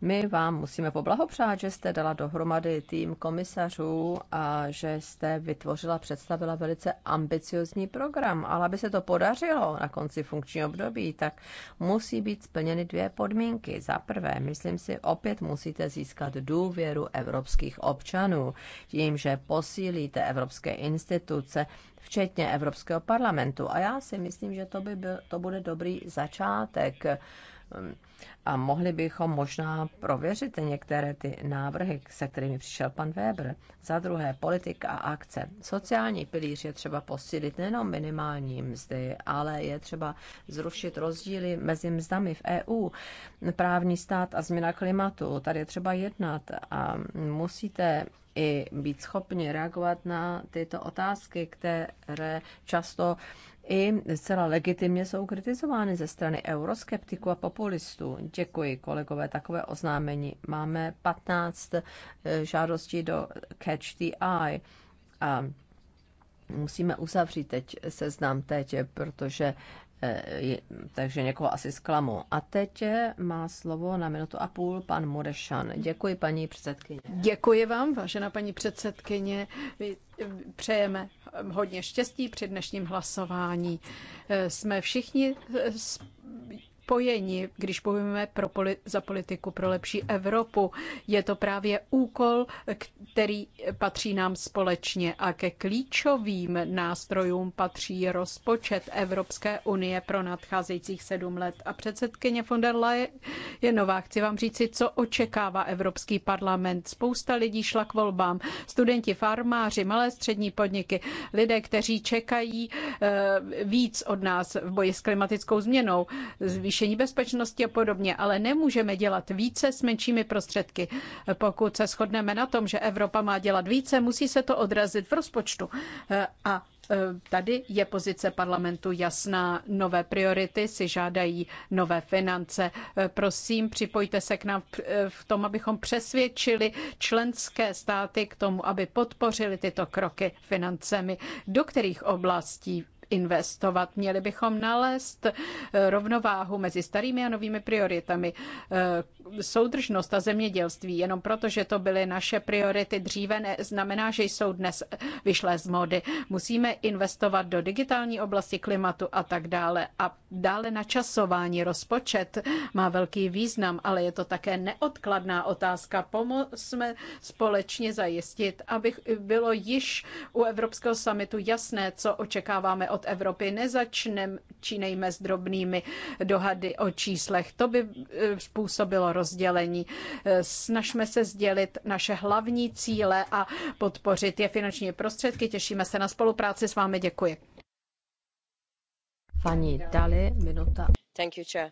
B: my vám musíme poblahopřát, že jste dala dohromady tým komisařů a že jste vytvořila, představila velice ambiciozní program. Ale aby se to podařilo na konci funkčního období, tak musí být splněny dvě podmínky. Za prvé, myslím si, opět musíte získat důvěru evropských občanů tím, že posílíte evropské instituce, včetně Evropského parlamentu. A já si myslím, že to, by byl, to bude dobrý začátek Ehm, a mohli bychom možná prověřit některé ty návrhy, se kterými přišel pan Weber. Za druhé, politika a akce. Sociální pilíř je třeba posílit nejenom minimální mzdy, ale je třeba zrušit rozdíly mezi mzdami v EU, právní stát a změna klimatu. Tady je třeba jednat a musíte i být schopni reagovat na tyto otázky, které často i zcela legitimně jsou kritizovány ze strany euroskeptiků a populistů. Děkuji, kolegové, takové oznámení. Máme 15 eh, žádostí do Catch the Eye. A musíme uzavřít teď seznam teď, protože Eh, takže někoho asi zklamu. A teď má slovo na minutu a půl pan Murešan. Děkuji, paní předsedkyně. Děkuji vám, vážená paní předsedkyně. Eh,
A: přejeme hodně štěstí při dnešním hlasování. Eh, jsme všichni spojeni, když povíme pro poli- za politiku pro lepší Evropu. Je to právě úkol, který patří nám společně a ke klíčovým nástrojům patří rozpočet Evropské unie pro nadcházejících sedm let. A předsedkyně von der Leyenová, chci vám říci, co očekává Evropský parlament. Spousta lidí šla k volbám, studenti, farmáři, malé střední podniky, lidé, kteří čekají eh, víc od nás v boji s klimatickou změnou, zvýš zvýšení bezpečnosti a podobně, ale nemůžeme dělat více s menšími prostředky. Pokud se shodneme na tom, že Evropa má dělat více, musí se to odrazit v rozpočtu. A e, Tady je pozice parlamentu jasná. Nové priority si žádají nové finance. E, prosím, připojte se k nám e, v tom, abychom přesvědčili členské státy k tomu, aby podpořili tyto kroky financemi. Do kterých oblastí investovat. Měli bychom nalézt rovnováhu mezi starými a novými prioritami. Eh, soudržnost a zemědělství, jenom proto, že to byly naše priority dříve, znamená, že jsou dnes vyšlé z mody. Musíme investovat do digitální oblasti klimatu a tak dále. A dále načasování rozpočet má velký význam, ale je to také neodkladná otázka. Pomozme společně zajistit, aby bylo již u Evropského samitu jasné, co očekáváme od Evropy. Nezačneme, čínejme s drobnými dohady o číslech. To by e, způsobilo rozdělení. E, snažme se sdělit naše hlavní cíle a podpořit je finanční prostředky. Těšíme
B: se na spolupráci s vámi. Děkuji. Paní Dali, minuta. Thank you, chair.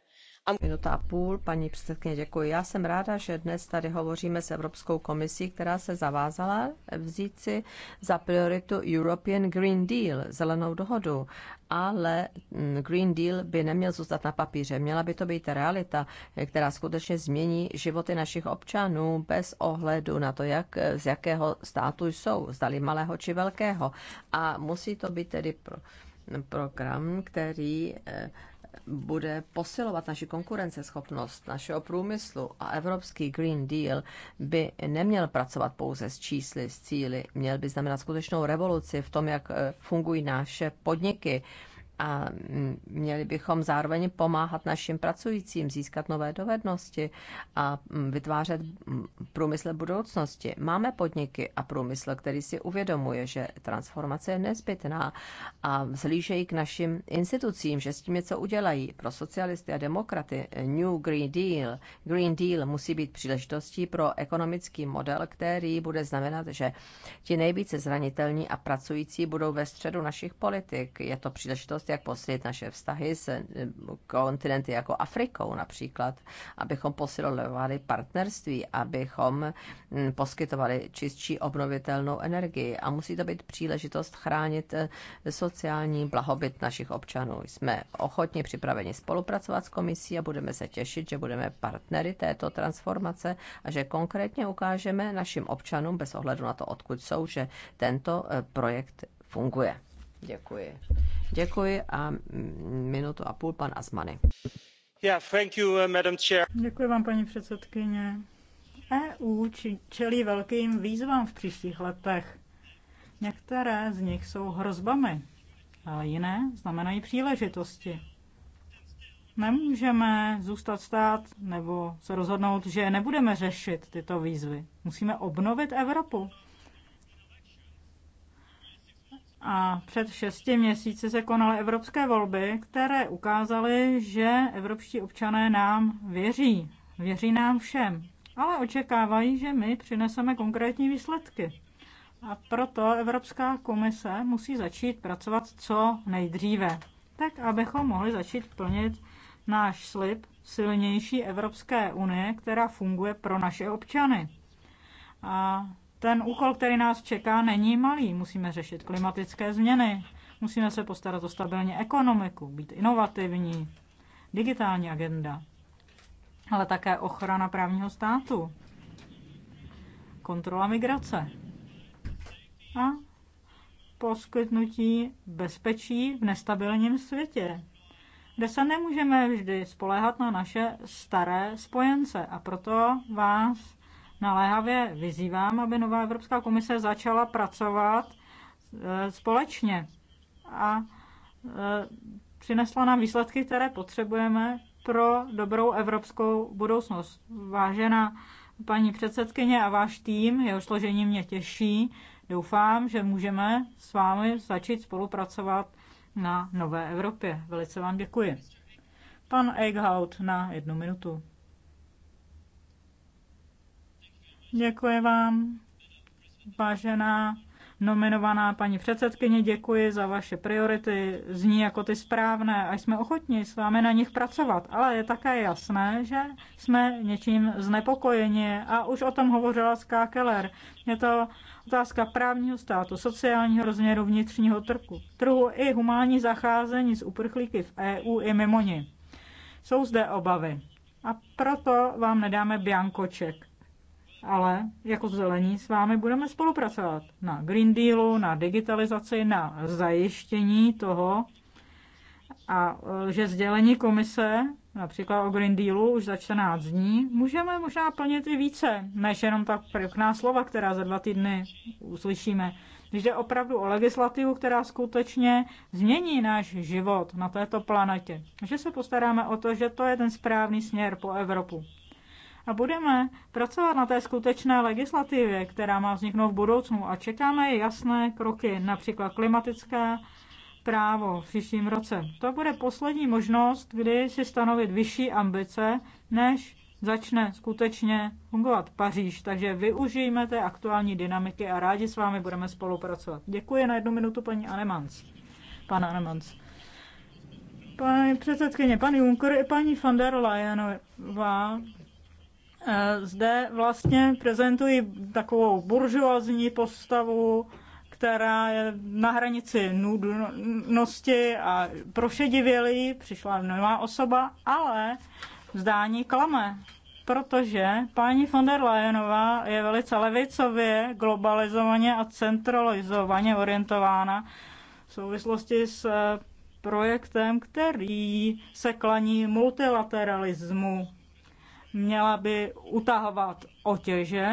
B: Minuta a půl, paní předsedkyně, děkuji. Já jsem ráda, že dnes tady hovoříme s Evropskou komisí, která se zavázala vzít si za prioritu European Green Deal, zelenou dohodu. Ale mm, Green Deal by neměl zůstat na papíře, měla by to být realita, která skutečně změní životy našich občanů bez ohledu na to, jak, z jakého státu jsou, zdali malého či velkého. A musí to být tedy pro, program, který eh, bude posilovat naši konkurenceschopnost našeho průmyslu a Evropský Green Deal by neměl pracovat pouze s čísly, s cíly, měl by znamenat skutečnou revoluci v tom, jak eh, fungují naše podniky a měli bychom zároveň pomáhat našim pracujícím získat nové dovednosti a vytvářet průmysl budoucnosti. Máme podniky a průmysl, který si uvědomuje, že transformace je nezbytná a zlížejí k našim institucím, že s tím něco udělají. Pro socialisty a demokraty New Green Deal, Green Deal musí být příležitostí pro ekonomický model, který bude znamenat, že ti nejvíce zranitelní a pracující budou ve středu našich politik. Je to příležitost příležitost, jak posílit naše vztahy s eh, kontinenty jako Afrikou například, abychom posilovali partnerství, abychom hm, poskytovali čistší obnovitelnou energii. A musí to být příležitost chránit eh, sociální blahobyt našich občanů. Jsme ochotně připraveni spolupracovat s komisí a budeme se těšit, že budeme partnery této transformace a že konkrétně ukážeme našim občanům, bez ohledu na to, odkud jsou, že tento eh, projekt funguje. Děkuji. Děkuji a minutu a půl pan Asmany. Uh,
C: Děkuji vám, paní předsedkyně. EU čelí velkým výzvám v příštích letech. Některé z nich jsou hrozbami, ale jiné znamenají příležitosti. Nemůžeme zůstat stát nebo se rozhodnout, že nebudeme řešit tyto výzvy. Musíme obnovit Evropu. A před šesti měsíci se konaly evropské volby, které ukázaly, že evropští občané nám věří. Věří nám všem. Ale očekávají, že my přineseme konkrétní výsledky. A proto Evropská komise musí začít pracovat co nejdříve, tak abychom mohli začít plnit náš slib silnější Evropské unie, která funguje pro naše občany. A ten úkol, který nás čeká, není malý. Musíme řešit klimatické změny, musíme se postarat o stabilní ekonomiku, být inovativní, digitální agenda, ale také ochrana právního státu, kontrola migrace a poskytnutí bezpečí v nestabilním světě, kde se nemůžeme vždy spolehat na naše staré spojence. A proto vás naléhavě vyzývám, aby nová Evropská komise začala pracovat e, společně a e, přinesla nám výsledky, které potřebujeme pro dobrou evropskou budoucnost. Vážená paní předsedkyně a váš tým, jeho složení mě těší. Doufám, že můžeme s vámi začít spolupracovat na nové Evropě. Velice vám děkuji. Pan Eichhout na jednu minutu. Děkuji vám, vážená nominovaná paní předsedkyně, děkuji za vaše priority, zní jako ty správné a jsme ochotni s vámi na nich pracovat, ale je také jasné, že jsme něčím znepokojeni a už o tom hovořila Ská Keller. Je to otázka právního státu, sociálního rozměru vnitřního trhu, trhu i humánní zacházení s uprchlíky v EU i mimo ní. Jsou zde obavy a proto vám nedáme biankoček ale jako zelení s vámi budeme spolupracovat na Green Dealu, na digitalizaci, na zajištění toho, a e, že sdělení komise, například o Green Dealu, už za 14 dní, můžeme možná plnit i více, než jenom tak prvná slova, která za dva týdny uslyšíme. Když jde opravdu o legislativu, která skutečně změní náš život na této planetě. Že se postaráme o to, že to je ten správný směr po Evropu a budeme pracovat na té skutečné legislativě, která má vzniknout v budoucnu a čekáme jasné kroky, například klimatické právo v příštím roce. To bude poslední možnost, kdy si stanovit vyšší ambice, než začne skutečně fungovat Paříž. Takže využijme té aktuální dynamiky a rádi s vámi budeme spolupracovat. Děkuji na jednu minutu paní Anemans. Pan Anemans. Paní předsedkyně, pan Juncker i paní van der Leyenová Eh, zde vlastně prezentují takovou buržoazní postavu, která je na hranici nudnosti a prošedivělý přišla nová osoba, ale zdání klame, protože paní von der Leyenová je velice levicově, globalizovaně a centralizovaně orientována v souvislosti s eh, projektem, který se klaní multilateralismu měla by utahovat otěže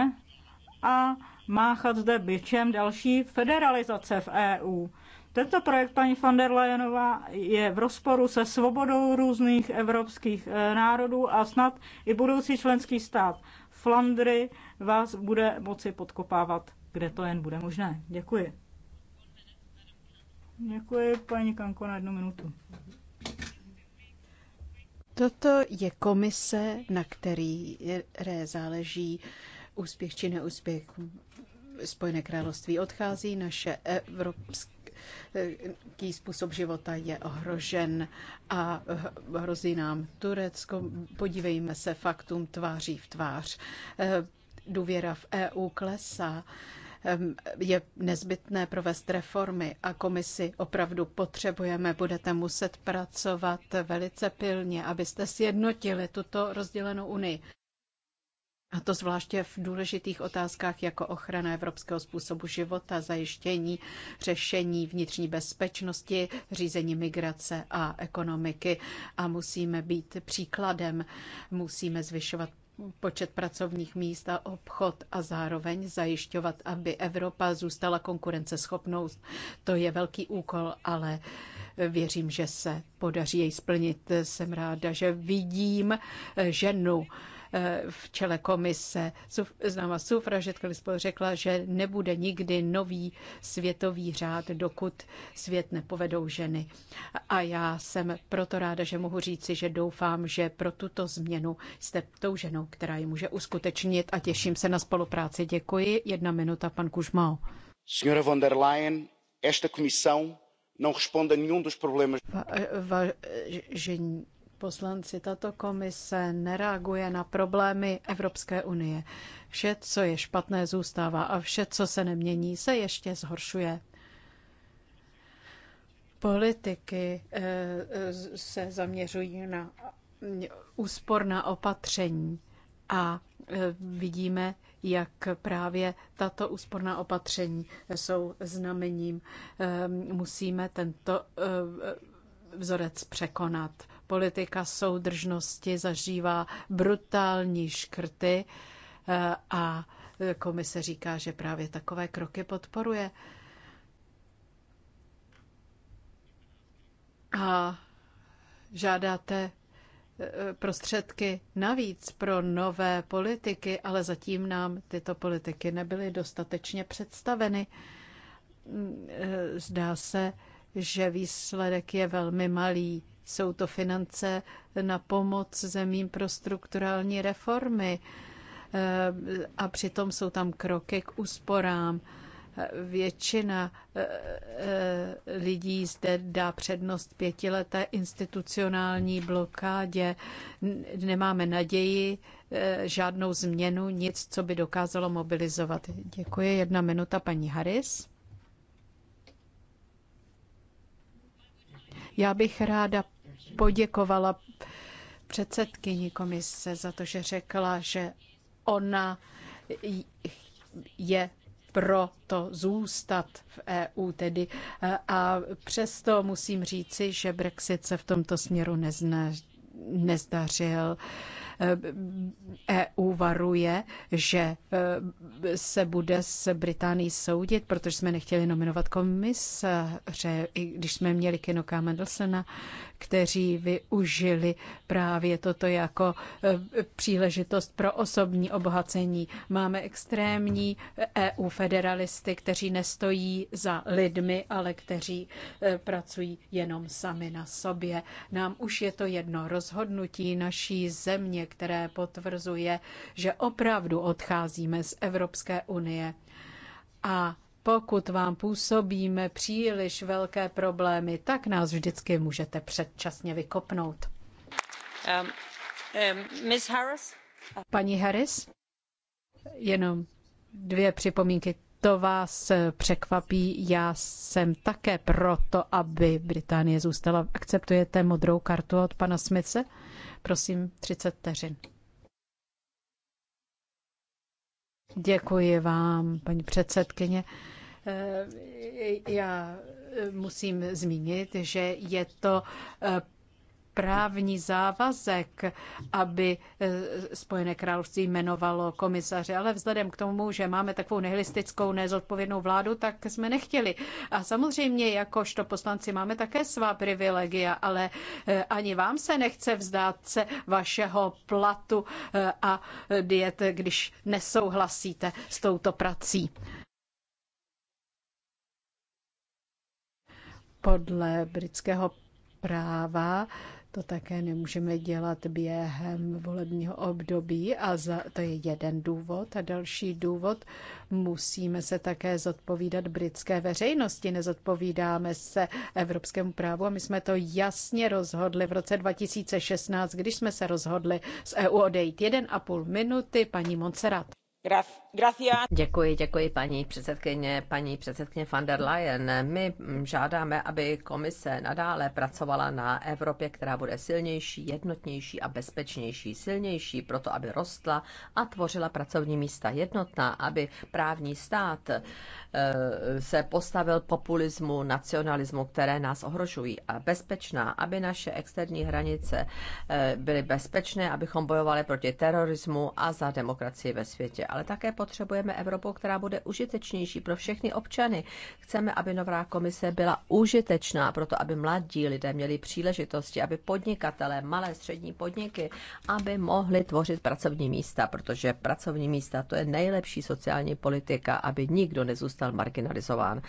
C: a máchat zde byčem další federalizace v EU. Tento projekt paní von der Leyenová je v rozporu se svobodou různých evropských e, národů a snad i budoucí členský stát Flandry vás bude moci podkopávat, kde to jen bude možné. Děkuji. Děkuji, paní Kanko, na jednu minutu.
A: Toto je komise, na které záleží úspěch či neúspěch Spojené království odchází, naše evropský způsob života je ohrožen a hrozí nám Turecko. Podívejme se faktům tváří v tvář. Důvěra v EU klesá je nezbytné provést reformy a komisi opravdu potřebujeme. Budete muset pracovat velice pilně, abyste sjednotili tuto rozdělenou unii. A to zvláště v důležitých otázkách jako ochrana evropského způsobu života, zajištění, řešení vnitřní bezpečnosti, řízení migrace a ekonomiky. A musíme být příkladem, musíme zvyšovat počet pracovních míst a obchod a zároveň zajišťovat, aby Evropa zůstala konkurenceschopnou. To je velký úkol, ale věřím, že se podaří jej splnit. Jsem ráda, že vidím ženu Eh, v čele komise. Známa sufražetka Lispol řekla, že nebude nikdy nový světový řád, dokud svět nepovedou ženy. A já jsem proto ráda, že mohu říci, že doufám, že pro tuto změnu jste tou ženou, která ji může uskutečnit a těším se na spolupráci. Děkuji. Jedna minuta, pan Kužmao.
C: Signora von der Leyen, esta comissão não responde a nenhum dos problemas.
A: Vážení eh, poslanci, tato komise nereaguje na problémy Evropské unie. Vše, co je špatné, zůstává a vše, co se nemění, se ještě zhoršuje. Politiky eh, eh, se zaměřují na úsporná opatření a eh, vidíme, jak právě tato úsporná opatření jsou znamením. Musíme tento vzorec překonat politika soudržnosti zažívá brutální škrty eh, a komise říká, že právě takové kroky podporuje. A žádáte eh, prostředky navíc pro nové politiky, ale zatím nám tyto politiky nebyly dostatečně představeny. Mm, eh, zdá se, že výsledek je velmi malý. Jsou to finance na pomoc zemím pro strukturální reformy eh, a přitom jsou tam kroky k úsporám. Eh, většina eh, lidí zde dá přednost pětileté institucionální blokádě. Nemáme naději, žádnou změnu, nic, co by dokázalo mobilizovat. Děkuji. Jedna minuta, paní Harris. Já bych ráda poděkovala předsedkyni komise za to, že řekla, že ona je pro to zůstat v EU tedy. A přesto musím říci, že Brexit se v tomto směru nezna, nezdařil. EU eh, e varuje, že eh, se bude s Británií soudit, protože jsme nechtěli nominovat komisaře, i když jsme měli Kinoka Mendelsona, kteří využili právě toto jako eh, příležitost pro osobní obohacení. Máme extrémní EU e federalisty, kteří nestojí za lidmi, ale kteří pracují jenom sami na sobě. Nám už je to jedno rozhodnutí naší země, které potvrzuje, že opravdu odcházíme z Evropské unie. A pokud vám působíme příliš velké problémy, tak nás vždycky můžete předčasně vykopnout.
C: Um, um, Miss Harris?
A: Paní Harris, jenom dvě připomínky to vás překvapí. Já jsem také proto, aby Británie zůstala. Akceptujete modrou kartu od pana Smice? Prosím, 30 teřin. Děkuji vám, paní předsedkyně. Eh, já musím zmínit, že je to eh, právní závazek, aby eh, Spojené království jmenovalo komisaře, ale vzhledem k tomu, že máme takovou nihilistickou, nezodpovědnou vládu, tak jsme nechtěli. A samozřejmě, jakožto poslanci, máme také svá privilegia, ale eh, ani vám se nechce vzdát se vašeho platu eh, a diet, když nesouhlasíte s touto prací. Podle britského práva to také nemůžeme dělat během volebního období a za, to je jeden důvod. A další důvod, musíme se také zodpovídat britské veřejnosti. Nezodpovídáme se evropskému právu a my jsme to jasně rozhodli v roce 2016, když jsme se rozhodli z EU odejít. Jeden a půl minuty, paní Monserrat.
B: Děkuji, děkuji paní předsedkyně, paní předsedkyně van der Leyen. My žádáme, aby komise nadále pracovala na Evropě, která bude silnější, jednotnější a bezpečnější. Silnější proto, aby rostla a tvořila pracovní místa. Jednotná, aby právní stát eh, se postavil populismu, nacionalismu, které nás ohrožují. A bezpečná, aby naše externí hranice eh, byly bezpečné, abychom bojovali proti terorismu a za demokracii ve světě ale také potřebujeme Evropu, která bude užitečnější pro všechny občany. Chceme, aby nová komise byla užitečná, proto aby mladí lidé měli příležitosti, aby podnikatelé, malé, střední podniky, aby mohli tvořit pracovní místa, protože pracovní místa to je nejlepší sociální politika, aby nikdo nezůstal marginalizován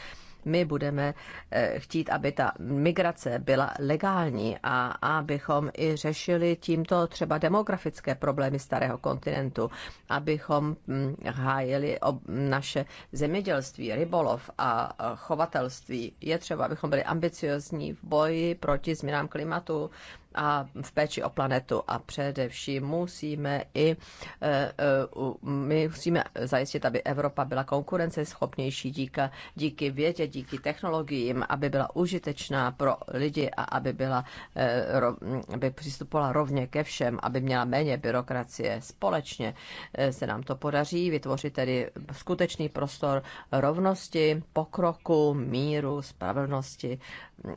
B: my budeme eh, chtít, aby ta migrace byla legální a abychom i řešili tímto třeba demografické problémy starého kontinentu, abychom hm, hájili naše zemědělství, rybolov a chovatelství. Je třeba, abychom byli ambiciozní v boji proti změnám klimatu, a v péči o planetu. A především musíme i e, e, my musíme zajistit, aby Evropa byla konkurenceschopnější díky, díky vědě, díky technologiím, aby byla užitečná pro lidi a aby, byla, e, aby přistupovala rovně ke všem, aby měla méně byrokracie. Společně se nám to podaří vytvořit tedy skutečný prostor rovnosti, pokroku, míru, spravedlnosti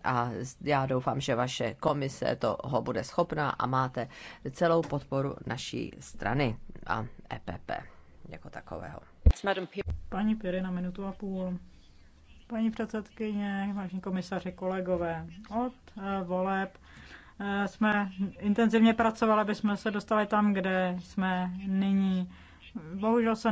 B: a já doufám, že vaše komise to ho bude schopná a máte celou podporu naší strany a EPP jako takového.
C: Paní Piry na minutu a půl. Paní předsedkyně, vážení komisaři, kolegové, od eh, voleb eh, jsme intenzivně pracovali, aby jsme se dostali tam, kde jsme nyní. Bohužel se ne